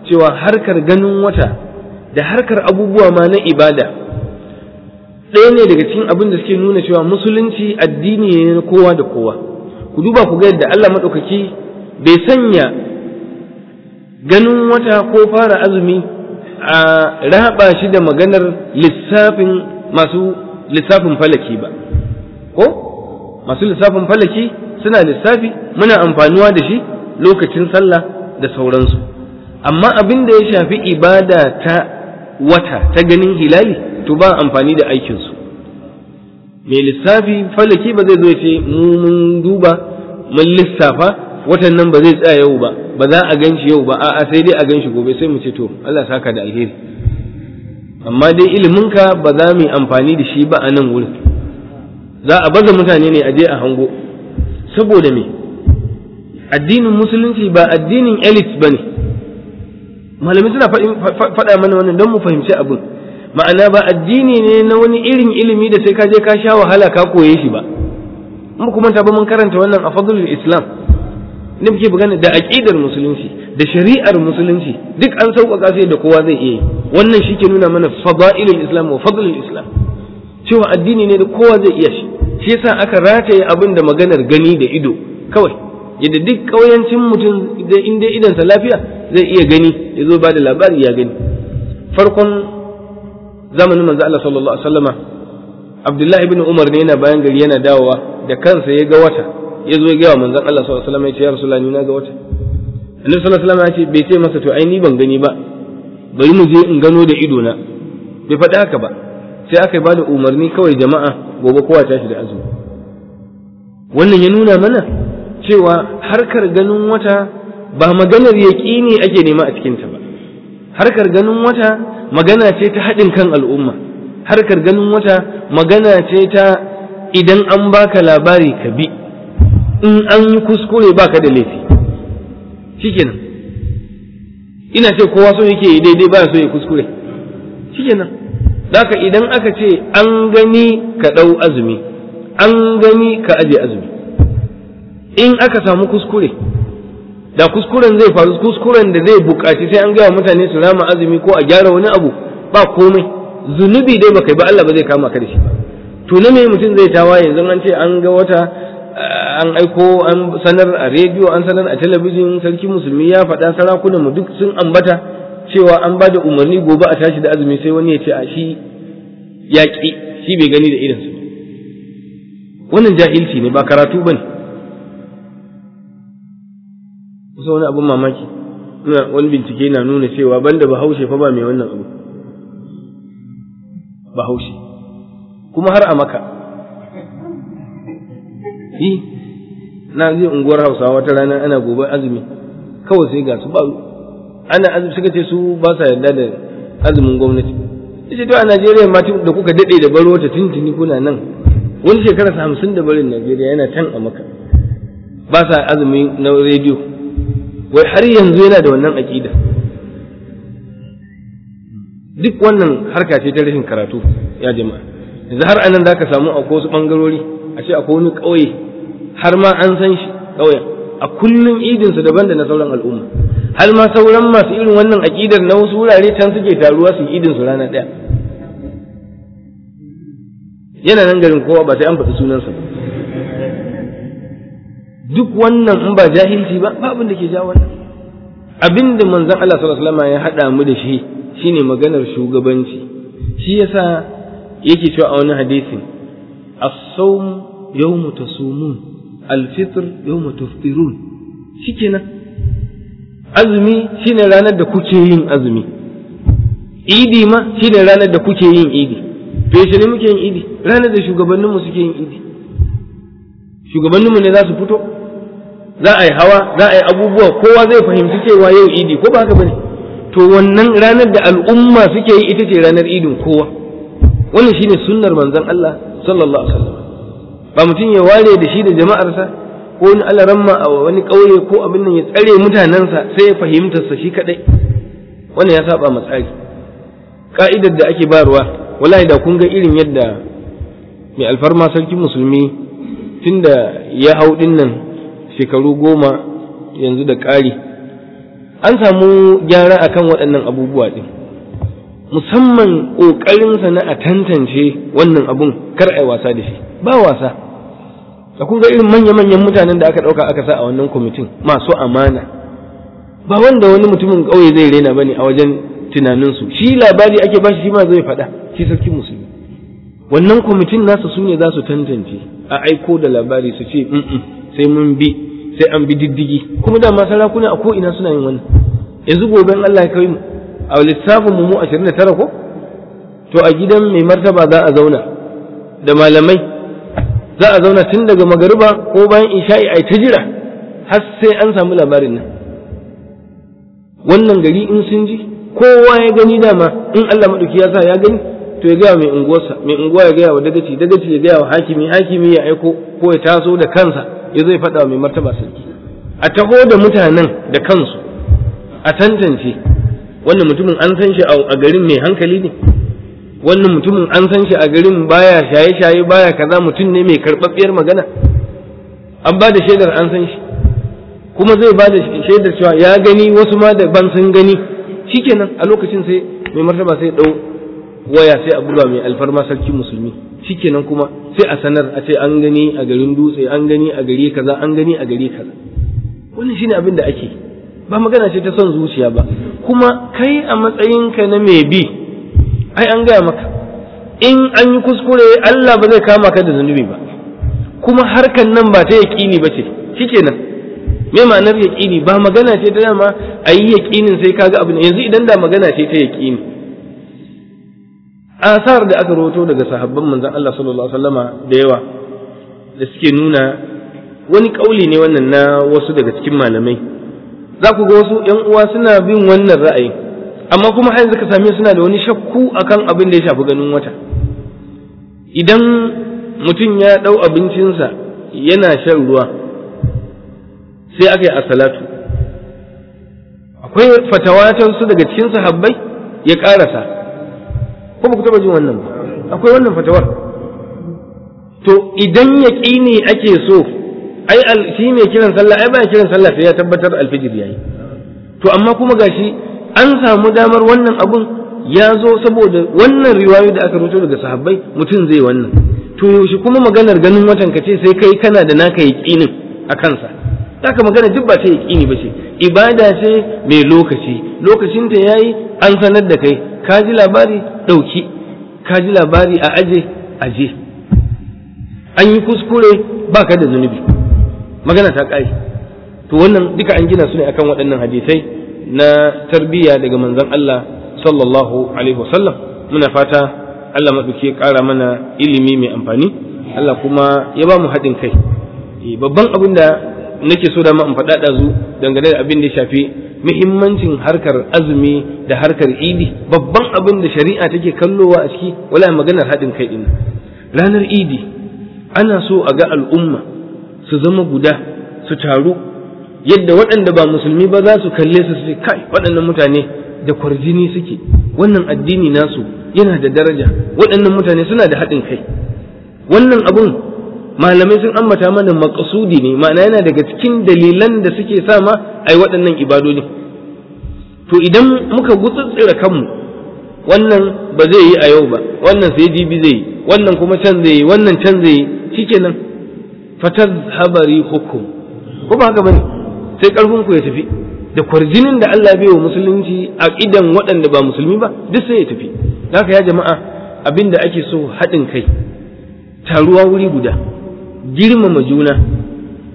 cewa harkar ganin wata da harkar abubuwa ma na ibada ɗaya ne daga cikin abin da suke nuna cewa musulunci addini ne na kowa da kowa ku duba ku ga yadda Allah maɗaukaki bai sanya ganin wata ko fara azumi a raba shi da maganar lissafin masu lissafin falaki ba ko masu lissafin falaki suna lissafi muna amfaniwa da shi lokacin sallah da sauransu amma abin da ya shafi ibada ta wata ta ganin hilali to ba amfani da aikinsu mai lissafi falaki ba zai zo ce mu mun duba mun lissafa watan nan ba zai tsaya yau ba ba za a gan shi yau ba a'a sai dai a gan shi gobe sai mu ce to Allah saka da alheri amma dai iliminka ba za mu yi amfani da shi ba a nan wurin za a baza mutane ne a je a hango saboda me addinin musulunci ba addinin elite bane, ne malamai suna faɗa mana wannan don mu fahimci abin ma'ana ba addini ne na wani irin ilimi da sai ka je ka sha wahala ka koye shi ba mu kuma ta ba mun karanta wannan a fadlul islam ne muke bugana da aqidar musulunci da shari'ar musulunci duk an sauƙaƙa sai da kowa zai iya wannan shi ke nuna mana fadailul islam wa fadlul islam cewa addini ne da kowa zai iya shi shi yasa aka rataye abin da maganar gani da ido kawai yadda duk ƙauyancin mutum da inda idansa lafiya zai iya gani ya zo ba da labari ya gani farkon zamanin manzo Allah sallallahu alaihi wasallama Abdullahi ibn Umar ne yana bayan gari yana dawowa da kansa ya ga wata ya zo ya ga manzo Allah sallallahu alaihi wasallama ya ce ya Rasulullahi na ga wata Annabi sallallahu alaihi wasallama ya ce bai ce masa to ai ni ban gani ba bari mu je in gano da ido na bai faɗa haka ba sai aka ba da umarni kawai jama'a gobe kowa tashi da azumi wannan ya nuna mana cewa harkar ganin wata ba maganar yaƙini ake nema a cikinta ba harkar ganin wata magana ce ta haɗin kan al'umma harkar ganin wata magana ce ta idan an baka labari ka bi in an yi kuskure baka da laifi shikenan ina ce kowa so yake yi daidai ba so ya kuskure shikenan Daka idan aka ce an gani ka ɗau azumi, an gani ka aje azumi, in aka samu kuskure, da kuskuren zai faru kuskuren da zai buƙaci sai an gaya mutane su rama azumi ko a gyara wani abu ba komai, zunubi dai baka yi ba Allah ba zai kama ka da shi ba. To na me mutum zai tawa yanzu an ce an ga wata an aiko an sanar a rediyo an sanar a talabijin sarki musulmi ya faɗa sarakunan mu duk sun ambata. cewa an ba da umarni gobe a tashi da azumi sai wani ya ce a shi ya ƙi shi bai gani da irinsu wannan jahilci ne ba karatu ba ne kusa wani abin mamaki wani bincike na nuna cewa banda bahaushe fa ba mai wannan abu bahaushe kuma har a maka na zai unguwar hausawa wata rana ana gobe azumi kawai sai ga su ba ana azumi suka ce su ba sa yarda da azumin gwamnati ce to a Najeriya ma da kuka dade da baro ta tintini kuna nan wani shekara 50 da barin Najeriya yana can a maka ba sa azumi na rediyo wai har yanzu yana da wannan aƙida duk wannan harka ce ta rashin karatu ya jama'a yanzu har anan zaka samu akwai wasu bangarori a ce akwai wani ƙauye har ma an san shi ƙauyen a kullum idin su daban da na sauran al'umma har ma sauran masu irin wannan aƙidar na wasu wurare can suke taruwa su idin su rana ɗaya yana nan garin kowa ba sai an faɗi sunansa ba duk wannan in ba jahilci ba babin da ke ja wannan abinda manzon Allah sallallahu alaihi wasallam ya hada mu da shi shine maganar shugabanci shi yasa yake cewa a wani hadisin as-sawm yawmu tasumun alfitr yawma tufṭirun shikenan azumi shine ranar da kuke yin azumi idi ma shine ranar da kuke yin idi feshe ne muke yin idi ranar da shugabanninmu suke yin idi shugabanninmu ne za su fito za a yi hawa za a yi abubuwa kowa zai fahimci cewa yau idi ko ba haka bane to wannan ranar da al'umma suke yi ita ce ranar idin kowa wannan shine sunnar manzon Allah sallallahu alaihi wasallam ba mutum ya ware da shi da jama'arsa ko wani alaramma a wani ƙauye ko abin nan ya tsare mutanensa sai ya sa shi kaɗai wannan ya saba matsari ka'idar da ake barwa wallahi da kun ga irin yadda mai alfarma sarkin musulmi tunda ya hau din nan shekaru goma yanzu da ƙari an samu gyara akan waɗannan abubuwa ɗin musamman ƙoƙarinsa na a tantance wannan abun kar a wasa da shi ba wasa da kun ga irin manya-manyan mutanen da aka ɗauka aka sa a wannan kwamitin masu amana ba wanda wani mutumin ƙauye zai rena bane a wajen tunaninsu shi labari ake ba shi ma zai faɗa shi sarkin musulmi wannan kwamitin nasu su ne za su tantance a aiko da labari su ce sai mun bi sai an bi diddigi kuma da ma sarakuna a ko'ina suna yin wannan yanzu gobe Allah ya kai mu a lissafin mu mu 29 ko to a gidan mai martaba za a zauna da malamai za a zauna tun daga magariba ko bayan isha'i ai ta jira har sai an samu labarin nan wannan gari in sun ji kowa ya gani dama in Allah maɗauki ya sa ya gani to ya gaya mai unguwarsa mai unguwa ya gaya wa dagaci dagaci ya gaya wa hakimi hakimi ya aiko ko ya taso da kansa ya zai faɗa mai martaba sarki a taho da mutanen da kansu a tantance wannan mutumin an san shi a garin mai hankali ne wannan mutumin an san shi a garin baya shaye-shaye baya kaza mutum ne mai karɓaɓɓiyar magana an ba da shaidar an san shi kuma zai ba da shaidar cewa ya gani wasu ma da ban san gani shikenan a lokacin sai mai martaba sai dau waya sai a buga mai alfarma sarki musulmi shikenan kuma sai a sanar a ce an gani a garin dutse an gani a gari kaza an gani a gari kaza wannan shine abin da ake ba magana ce ta son zuciya ba kuma kai a matsayinka na mai bi ai an gaya maka in an yi kuskure Allah ba zai kama ka da zunubi ba kuma harkan nan ba ta yaƙini ba ce shikenan me ma'anar yaƙini ba magana ce ta dama a yi yaƙinin sai kaga abu ne yanzu idan da magana ce ta yaƙini asar da aka rawato daga sahabban manzon Allah sallallahu alaihi wasallama da yawa da suke nuna wani kauli ne wannan na wasu daga cikin malamai za ku ga wasu 'yan uwa suna bin wannan ra'ayin amma kuma har yanzu ka same suna da wani shakku akan abin da ya shafi ganin wata idan mutum ya ɗau abincinsa yana shan ruwa sai aka yi asalatu akwai fatawatansu daga cikin sahabbai ya ƙarasa ko ba ku taɓa jin wannan ba akwai wannan fatawar to idan ya ne ake so ai shi mai kiran sallah ai ba kiran sallah sai ya tabbatar alfijir yayi to amma kuma gashi an samu damar wannan abun ya zo saboda wannan riwayo da aka rubuta daga sahabbai mutum zai wannan to yaushe kuma maganar ganin watan ka ce sai kai kana da naka yaƙinin a kansa haka magana duk ba ta yaƙini ba ce ibada ce mai lokaci lokacinta yayi an sanar da kai ka ji labari ɗauki ka ji labari a aje aje an yi kuskure baka da zunubi magana ta kai to wannan duka an gina su ne akan waɗannan hadisai na tarbiyya daga manzon Allah sallallahu alaihi wasallam muna fata Allah maɗauki ya ƙara mana ilimi mai amfani Allah kuma ya ba mu haɗin kai eh, babban abin da nake so da in faɗa ɗazu dangane da abin da ya shafi muhimmancin harkar azumi da harkar idi babban abin da shari'a take kallowa a ciki wala maganar haɗin kai ɗin ranar idi ana so a ga al'umma su zama guda su taru yadda waɗanda ba musulmi ba za su kalle su su kai waɗannan mutane da kwarjini suke wannan addini nasu yana da daraja waɗannan mutane suna da haɗin kai wannan abun malamai sun ambata mana maƙasudi ne ma'ana yana daga cikin dalilan da suke sama ma ai waɗannan ibadodi to idan muka gutsutsira kanmu wannan ba zai yi a yau ba wannan sai jibi zai yi wannan kuma can zai yi wannan can zai yi shikenan habari hukum ko ba haka bane sai karfin ku ya tafi da kwarjinin da Allah bai wa musulunci a idan waɗanda ba musulmi ba duk sai ya tafi haka ya jama'a abin da ake so haɗin kai taruwa wuri guda girmama juna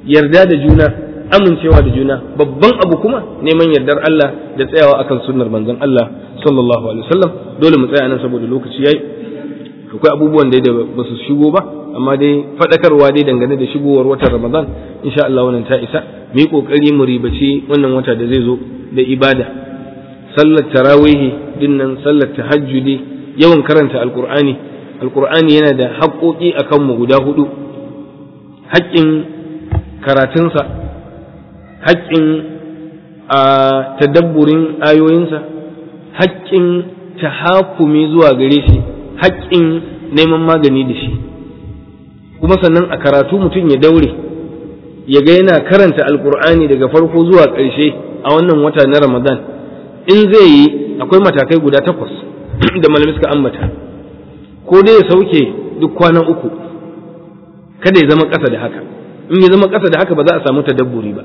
yarda da juna amincewa da juna babban abu kuma neman yardar Allah da tsayawa akan sunnar manzon Allah sallallahu alaihi wasallam dole mu tsaya nan saboda lokaci yayi akwai abubuwan da ba su shigo ba amma dai faɗakarwa dai dangane da shigowar watan Ramadan insha Allah wannan ta isa mu yi kokari mu ribaci wannan wata da zai zo da ibada sallar tarawihi dinnan sallar tahajjudi yawan karanta alqur'ani alqur'ani yana da haƙoƙi akan mu guda hudu haƙƙin karatunsa haƙƙin a tadabburin ayoyinsa haƙƙin tahakumi zuwa gare shi haƙƙin neman magani da shi kuma sannan a karatu mutum ya daure ya ga yana karanta alkur'ani daga farko zuwa ƙarshe a wannan wata na ramadan in zai yi akwai matakai guda takwas da malami suka ambata ko dai ya sauke duk kwana uku kada ya zama ƙasa da haka in ya zama ƙasa da haka ba za a samu tadabburi ba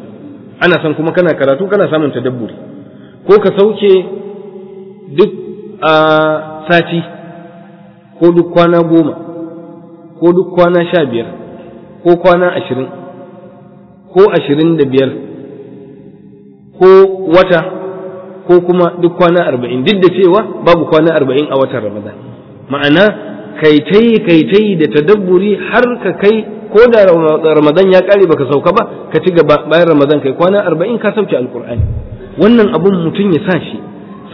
ana san kuma kana karatu kana samun tadabburi ko ka sauke duk a sati ko duk kwana goma ko duk kwana sha biyar ko kwana ashirin ko ashirin da biyar ko wata ko kuma duk kwana arba'in duk da cewa babu kwana arba'in a watan ramadan ma'ana kaitai kaitai da tadabburi har ka kai ko da ramadan ya kare baka sauka ba ka ci gaba bayan ramadan kai kwana arba'in ka sauke alkur'ani wannan abun mutum ya sa shi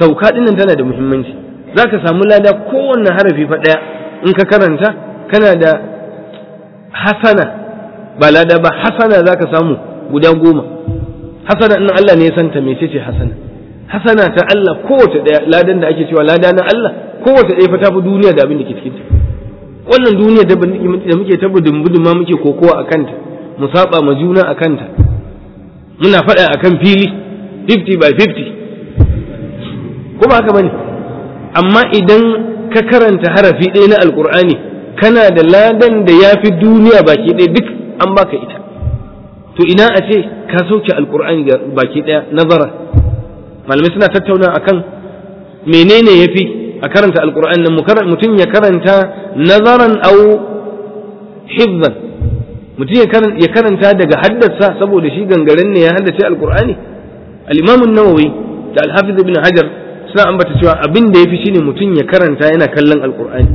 sauka dinnan tana da muhimmanci za ka samu lada kowanne harafi fa ɗaya in ka karanta kana da hasana ba lada ba hasana ka samu guda goma hasana in Allah ne ya santa mecece hasana hasana ta Allah kowace ɗaya ladan da ake cewa lada na Allah kowace ɗaya fa tafi duniya da abin da ke cikin ta wannan duniya da muke ta budun ma muke kokowa a kanta mu saba ma juna a kanta muna faɗa a kan fili 50 by 50 kuma haka bane amma idan ka karanta harafi ɗaya na alkur'ani kana da ladan da ya fi duniya baki ɗaya duk an baka ita to ina a ce ka sauke alkur'ani ga baki daya nazara malamai suna tattauna akan menene yafi a karanta alkur'ani nan mutum ya karanta nazaran au hifzan mutum ya karanta daga haddasa saboda shi gangaren ne ya haddace alkur'ani al-imam nawawi da al-hafiz ibn hajar suna ambata cewa abin da fi shine mutum ya karanta yana kallon alkur'ani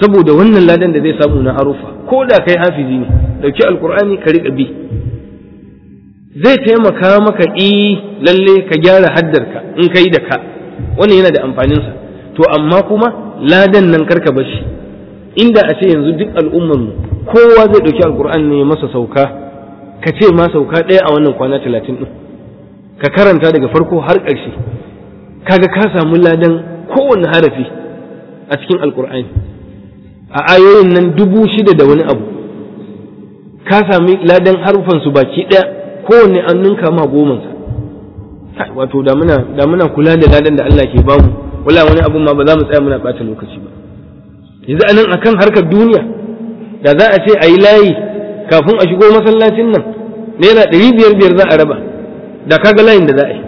saboda wannan ladan da zai samu na arufa ko da kai hafizi ne dauki alkur'ani ka riƙa bi zai taimaka maka i lalle ka gyara haddarka in kai da ka wannan yana da amfanin sa to amma kuma ladan nan karka bashi inda a ce yanzu duk al'ummar mu kowa zai dauki alkur'ani ne masa sauka ka ce ma sauka ɗaya a wannan kwana talatin ɗin ka karanta daga farko har ƙarshe kaga ka samu ladan kowane harafi a cikin alkur'ani a ayoyin nan dubu shida da wani abu ka sami ladan harufansu baki ɗaya kowanne an ninka ma sa wato da muna kula da ladan da Allah ke bamu wala wani abu ma ba za mu tsaya muna ɓata lokaci ba yanzu anan akan harkar duniya da za a ce a yi layi kafin a shigo masallacin nan naira ɗari biyar biyar za a raba da kaga layin da za a yi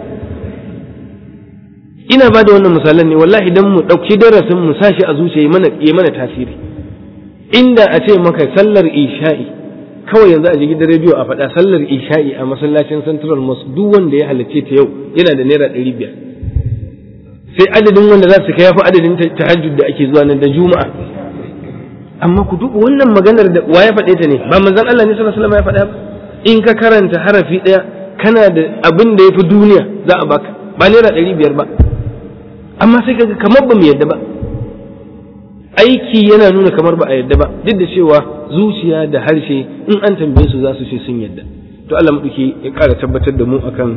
ina ba da wannan misalan ne wallahi idan mu ɗauki darasin mu sashi a zuciya ya mana tasiri inda a ce maka sallar isha'i kawai yanzu a jikin rediyo a faɗa sallar isha'i a masallacin central mosque duk wanda ya halarce ta yau yana da naira ɗari biyar sai adadin wanda za su kai yafi adadin tahajjud da ake zuwa nan da juma'a amma ku duk wannan maganar da wa ya faɗe ta ne ba manzon Allah ne sallallahu alaihi wasallam ya faɗa in ka karanta harafi ɗaya kana da abin da yafi duniya za a baka ba naira ɗari biyar ba amma sai ka kamar ba mu yadda ba aiki yana nuna kamar ba a yadda ba duk da cewa zuciya da harshe in an tambaye su za su ce sun yadda to Allah muduki ya ƙara tabbatar da mu akan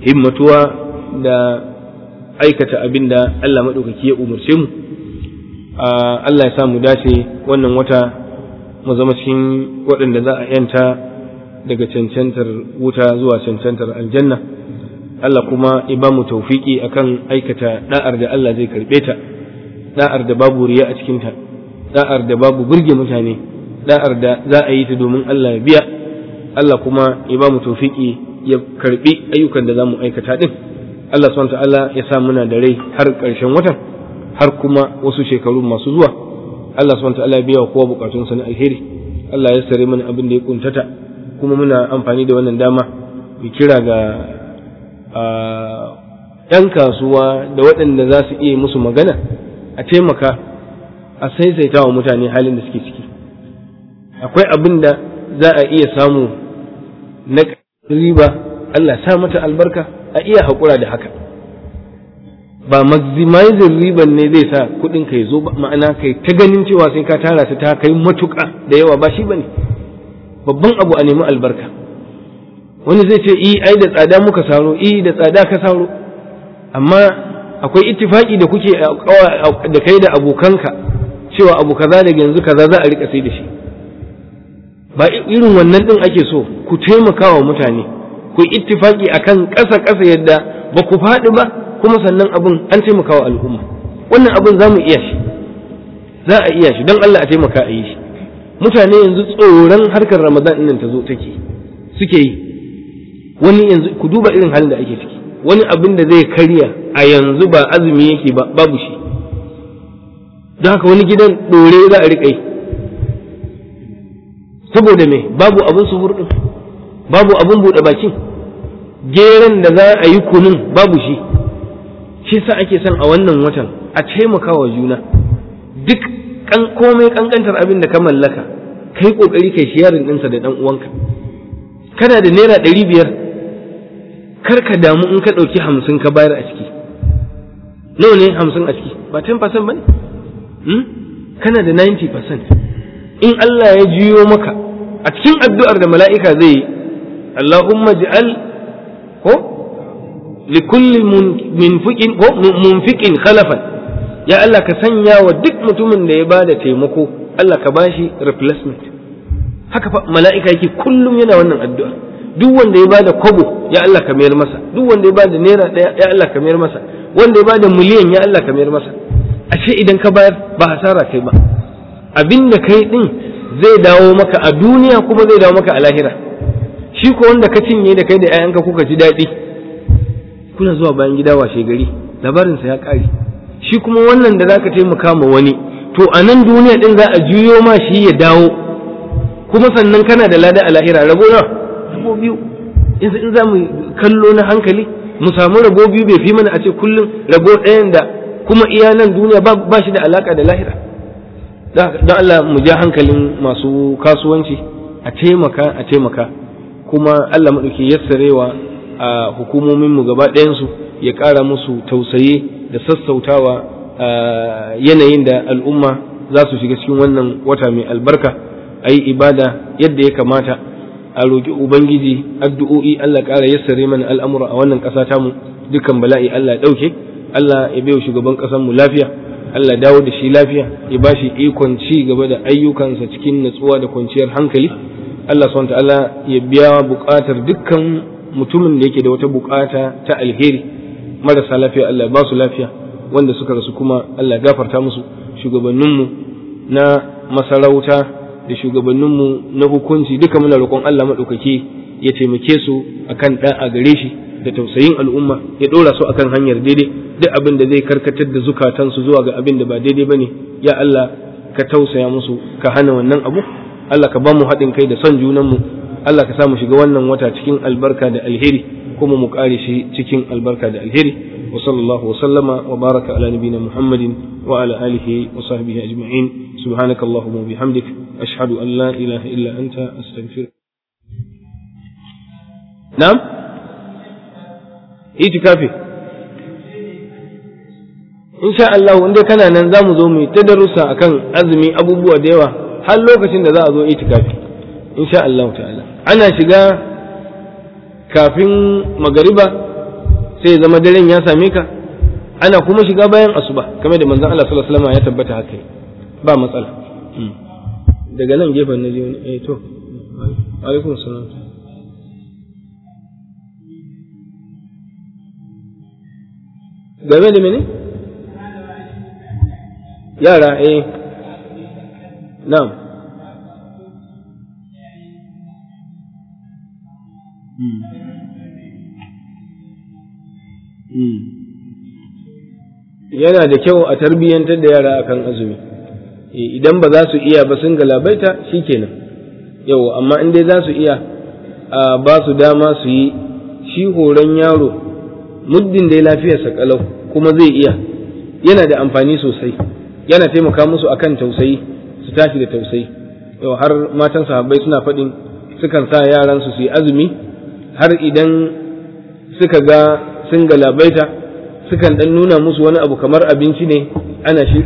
himmatuwa da aikata abin da Allah maɗaukaki ya umarce mu Allah ya mu dace wannan wata mu zama cikin waɗanda za a yanta daga cancantar wuta zuwa cancantar aljanna Allah kuma ya ba mu taufiƙi akan aikata da'ar da Allah zai karɓe ta da'ar da babu riya a cikinta da'ar da babu burge mutane da'ar da za a yi ta domin Allah ya biya Allah kuma ya ba mu tofiki ya karbi ayyukan da za mu aikata din Allah subhanahu ta'ala ya sa muna da rai har ƙarshen watan har kuma wasu shekaru masu zuwa Allah subhanahu ta'ala ya biya kowa sa na alheri Allah ya sare mana abin da ya kuntata kuma muna amfani da wannan dama mu kira ga ah, ‘yan kasuwa da waɗanda za su iya musu magana a taimaka a saisaita wa mutane halin da suke ciki akwai abin da za a iya samu na riba Allah sa mata albarka a iya haƙura da haka ba maximizing riban ne zai sa kuɗin ka zo ba ma'ana kai ta ganin cewa sai ka tara ta ta kai matuƙa da yawa ba shi bane babban abu a nemi albarka wani zai ce i ai da tsada muka saro i da tsada ka saro amma akwai ittifaki da kuke da kai da abokanka cewa abu kaza daga yanzu kaza za a rika sai da shi ba irin wannan din ake so ku taimaka wa mutane ku ittifaki akan ƙasa ƙasa yadda ba ku faɗi ba kuma sannan abin an taimaka wa al'umma wannan abin za mu iya shi za a iya shi don Allah a taimaka a yi shi mutane yanzu tsoron harkar ramadan ɗin ta zo take suke yi wani yanzu ku duba irin halin da ake ciki wani abin da zai karya a yanzu ba azumi yake ba babu shi don haka wani gidan ɗore za a riƙa yi saboda me babu abin su ɗin babu abin buɗe bakin geran da za a yi kunun babu shi shi sa ake son a wannan watan a taimaka wa juna duk kan komai kankantar abin da ka mallaka kai kokari kai shiyarin ɗinsa da ɗan uwanka kana da naira ɗari biyar kar ka damu in ka ɗauki hamsin ka bayar a ciki nawa ne hamsin a ciki ba 10% ba ne hmm? kana da 90% in Allah ya jiyo maka a cikin addu'ar da mala'ika zai yi Allahumma ji'al ko likulli munfiqin ko munfiqin khalafan ya Allah ka sanya wa duk mutumin da ya ba da taimako Allah ka bashi replacement haka fa mala'ika yake kullum yana wannan addu'a duk wanda ya ba da kwabo ya Allah ka mayar masa duk wanda ya da naira daya ya Allah ka mayar masa wanda ya bada miliyan ya Allah ka mayar masa ashe idan ka bayar ba hasara kai ba abin da kai din zai dawo maka a duniya kuma zai dawo maka a lahira shi ko wanda ka cinye da kai da 'ya'yanka kuka ji daɗi kuna zuwa bayan gida washe gari labarinsa ya ƙare shi kuma wannan da zaka taimaka ma wani to a nan duniya din za a juyo ma shi ya dawo kuma sannan kana da lada a lahira rabona, na biyu in za mu kallo na hankali mu samu rabo biyu bai fi mana a ce kullum rago ɗayan da kuma iya nan duniya ba shi da alaka da lahira don Allah mu ja hankalin masu kasuwanci a taimaka a taimaka kuma Allah maɗauki yassarewa a hukumomin mu gaba ɗayansu ya ƙara musu tausaye da sassautawa yanayin da al'umma za su shiga cikin wannan wata mai albarka a yi ibada yadda ya kamata a roƙi ubangiji addu'o'i Allah ƙara yassare mana al'amura a wannan ƙasa tamu dukkan bala'i Allah ɗauke Allah ya bai wa shugaban ƙasar mu lafiya Allah dawo da shi lafiya ya ba shi ikon ci gaba da ayyukansa cikin natsuwa da kwanciyar hankali Allah subhanahu ta'ala ya biya buƙatar dukkan mutumin da yake da wata buƙata ta alheri marasa lafiya Allah ba su lafiya wanda suka rasu kuma Allah gafarta musu shugabanninmu na masarauta da shugabanninmu na hukunci duka muna roƙon Allah maɗaukaki ya taimake su akan ɗa a gare shi da tausayin al'umma ya ɗora su akan hanyar daidai duk abin da zai karkatar da zukatansu zuwa ga abin da ba daidai ba ne ya Allah ka tausaya musu ka hana wannan abu Allah ka ba mu haɗin kai da son junanmu Allah ka sa mu shiga wannan wata cikin albarka da alheri kuma mu ƙare shi cikin albarka da alheri وصلى الله وسلم وبارك muhammadin نبينا محمد وعلى آله وصحبه أجمعين سبحانك اللهم وبحمدك أشهد أن لا إله إلا أنت أستغفر نعم itikafi insha Allah inda kana nan za mu zo mu ta darussa akan azumi abubuwa da yawa har lokacin da za a zo itikafi insha Allah ta'ala ana shiga kafin magariba sai zama daren ya same ka ana kuma shiga bayan asuba kamar da manzon Allah sallallahu alaihi wasallam ya tabbata haka ba matsala daga nan gefen na je wani eh to alaikum salam game da mene yara eh na'am hmm. Hmm. yana da kyau a tarbiyyantar da yara akan azumi Eh, idan ba za su iya ba sun galabaita shikenan yau amma in dai za su iya a ba su dama su yi shi horon yaro muddin dai lafiyarsa kalau kuma zai iya yana da amfani sosai yana taimaka musu a kan tausayi su tashi da tausayi yau har matan sahabbai suna faɗin sukan sa yaran su su yi azumi har idan suka ga sun galabaita sukan ɗan nuna musu wani abu kamar abinci ne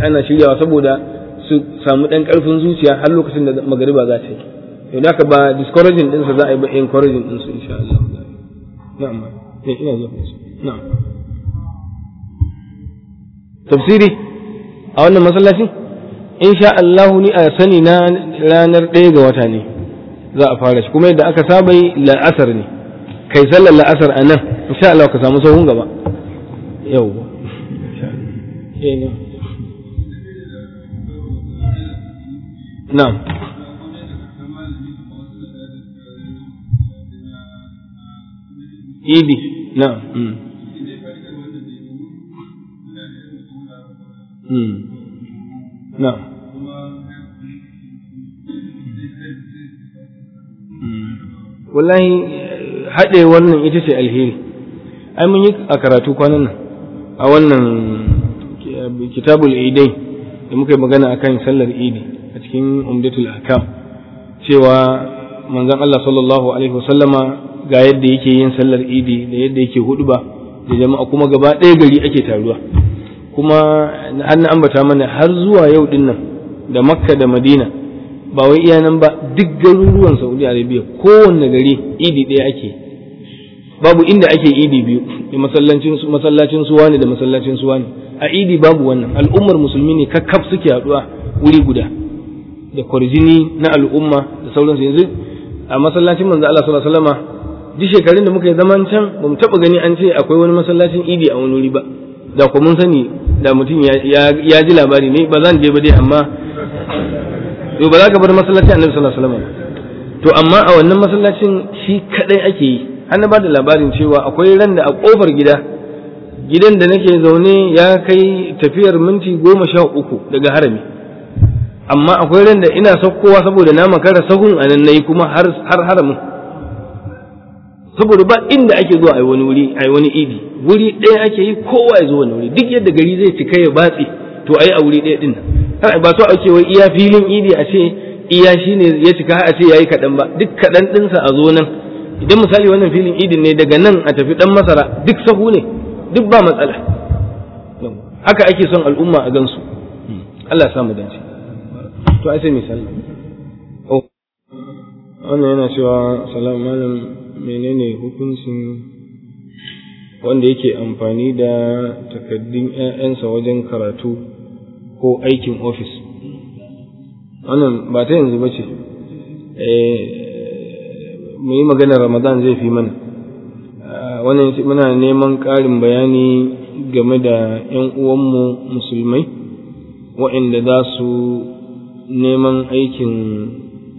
ana shiryawa saboda su samu ɗan ƙarfin zuciya har lokacin da magariba za ta yi yau da ka ba discouraging ɗinsa za a yi ba encouraging ɗinsu sha Allah na'am eh, ina zuwa na'am tafsiri a wannan masallaci sha Allah ni a sani na ranar ɗaya ga wata ne za a fara shi kuma yadda aka saba yi la'asar ne kai sallar la'asar a nan sha Allah ka samu sauhun gaba yau Hmm. Hmm. Hmm. wallahi haɗe wannan ita ce alheri ai mun yi a karatu kwanan nan a wannan kitabul idai da muka yi magana akan sallar idi cikin umdatul ahkam cewa manzon Allah sallallahu alaihi wasallama ga yadda yake yin sallar idi da yadda yake huduba da jama'a kuma gaba ɗaya gari ake taruwa kuma an na ambata mana har zuwa yau din nan da makka da madina ba wai iya nan ba duk garuruwan saudi arabia kowanne gari idi ɗaya ake babu inda ake idi biyu da masallacin su masallacin wani da masallacin su wani a idi babu wannan al'ummar musulmi ne kakkaf suke haɗuwa wuri guda da kwarjini na al'umma da sauransu yanzu a masallacin manzo Allah sallallahu alaihi wasallama duk shekarun da muka yi zaman can ba mu taba gani an ce akwai wani masallacin idi a wani wuri ba da ku mun sani da mutum ya ji labari ne ba zan je ba dai amma to ba za ka bar masallacin annabi sallallahu alaihi wasallam to amma a wannan masallacin shi kadai ake yi an ba da labarin cewa akwai ran da a kofar gida gidan da nake zaune ya kai tafiyar minti goma sha uku daga harami amma akwai ran da ina saukowa saboda na makara sahun a nan nayi kuma har har haramin saboda ba inda ake zuwa ai wani wuri ai wani idi wuri ɗaya ake yi kowa ya zo wani wuri duk yadda gari zai cika ya batse to ai a wuri ɗaya din nan ba so ake wai iya filin idi a ce iya shine ya cika a ce yayi kaɗan ba duk kaɗan ɗinsa a zo nan idan misali wannan filin idin ne daga nan a tafi ɗan masara duk sahu ne duk ba matsala haka ake son al'umma a gansu hmm. Allah samu dace to ai sai mai sallah oh. wannan yana cewa salam malam menene hukuncin wanda yake amfani da takaddun ƴaƴansa wajen karatu ko aikin ofis wannan ba ta yanzu ba ce eh, mu yi maganar ramadan zai fi mana ah, wannan muna neman ƙarin bayani game da 'yan uwanmu musulmai waɗanda za su neman aikin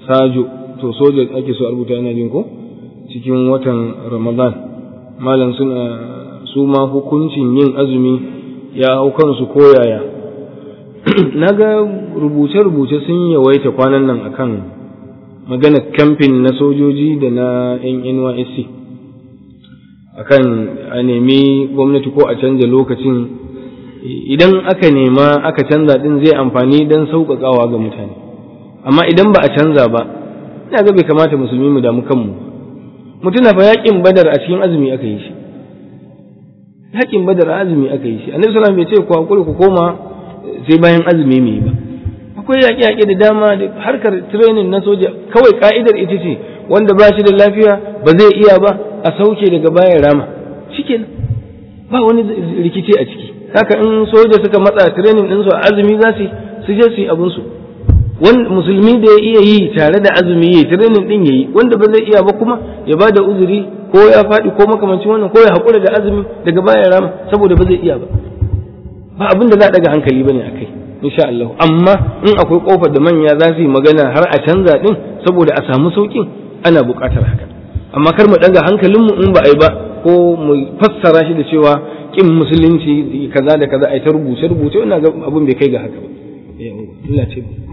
sajo to soja ake so a rubuta yana jin ko cikin watan ramadan malam suna eh, su ma hukuncin yin azumi ya hau kansu ko yaya na ga rubuce-rubuce sun yawaita kwanan nan akan magana kamfin na sojoji da na yan nysc akan a nemi gwamnati ko a canja lokacin idan aka nema aka canza din zai amfani don sauƙaƙawa ga mutane amma idan ba a canza ba ina ga bai kamata musulmi mu damu kanmu mutuna fa yaƙin badar a cikin azumi aka yi shi yaƙin badar a azumi aka yi shi annabi sallallahu alaihi wasallam bai ce ku ku koma eh, sai bayan azumi mu yi ba akwai yaƙe-yaƙe da dama da harkar training na soja kawai ka'idar ita ce wanda ba shi da lafiya ba zai iya ba a sauke daga bayan rama shikenan ba wani rikici a ciki haka in soja suka matsa training ɗinsu a azumi za su su je su yi abinsu wani musulmi da ya iya yi tare da azumi ya training ɗin ya yi wanda ba zai iya ba kuma ya ba da uzuri ko ya faɗi ko makamancin wannan ko ya haƙura da azumi daga baya rama saboda ba zai iya ba ba abin da za daga hankali bane a kai insha Allah amma in akwai kofar da manya za su yi magana har a canza ɗin saboda a samu sauƙin ana buƙatar haka amma kar mu daga hankalinmu in ba a yi ba ko mu fassara shi da cewa kin musulunci kaza da kaza ai ta rubuce rubuce ina ga abun bai kai ga haka ba eh, Allah ce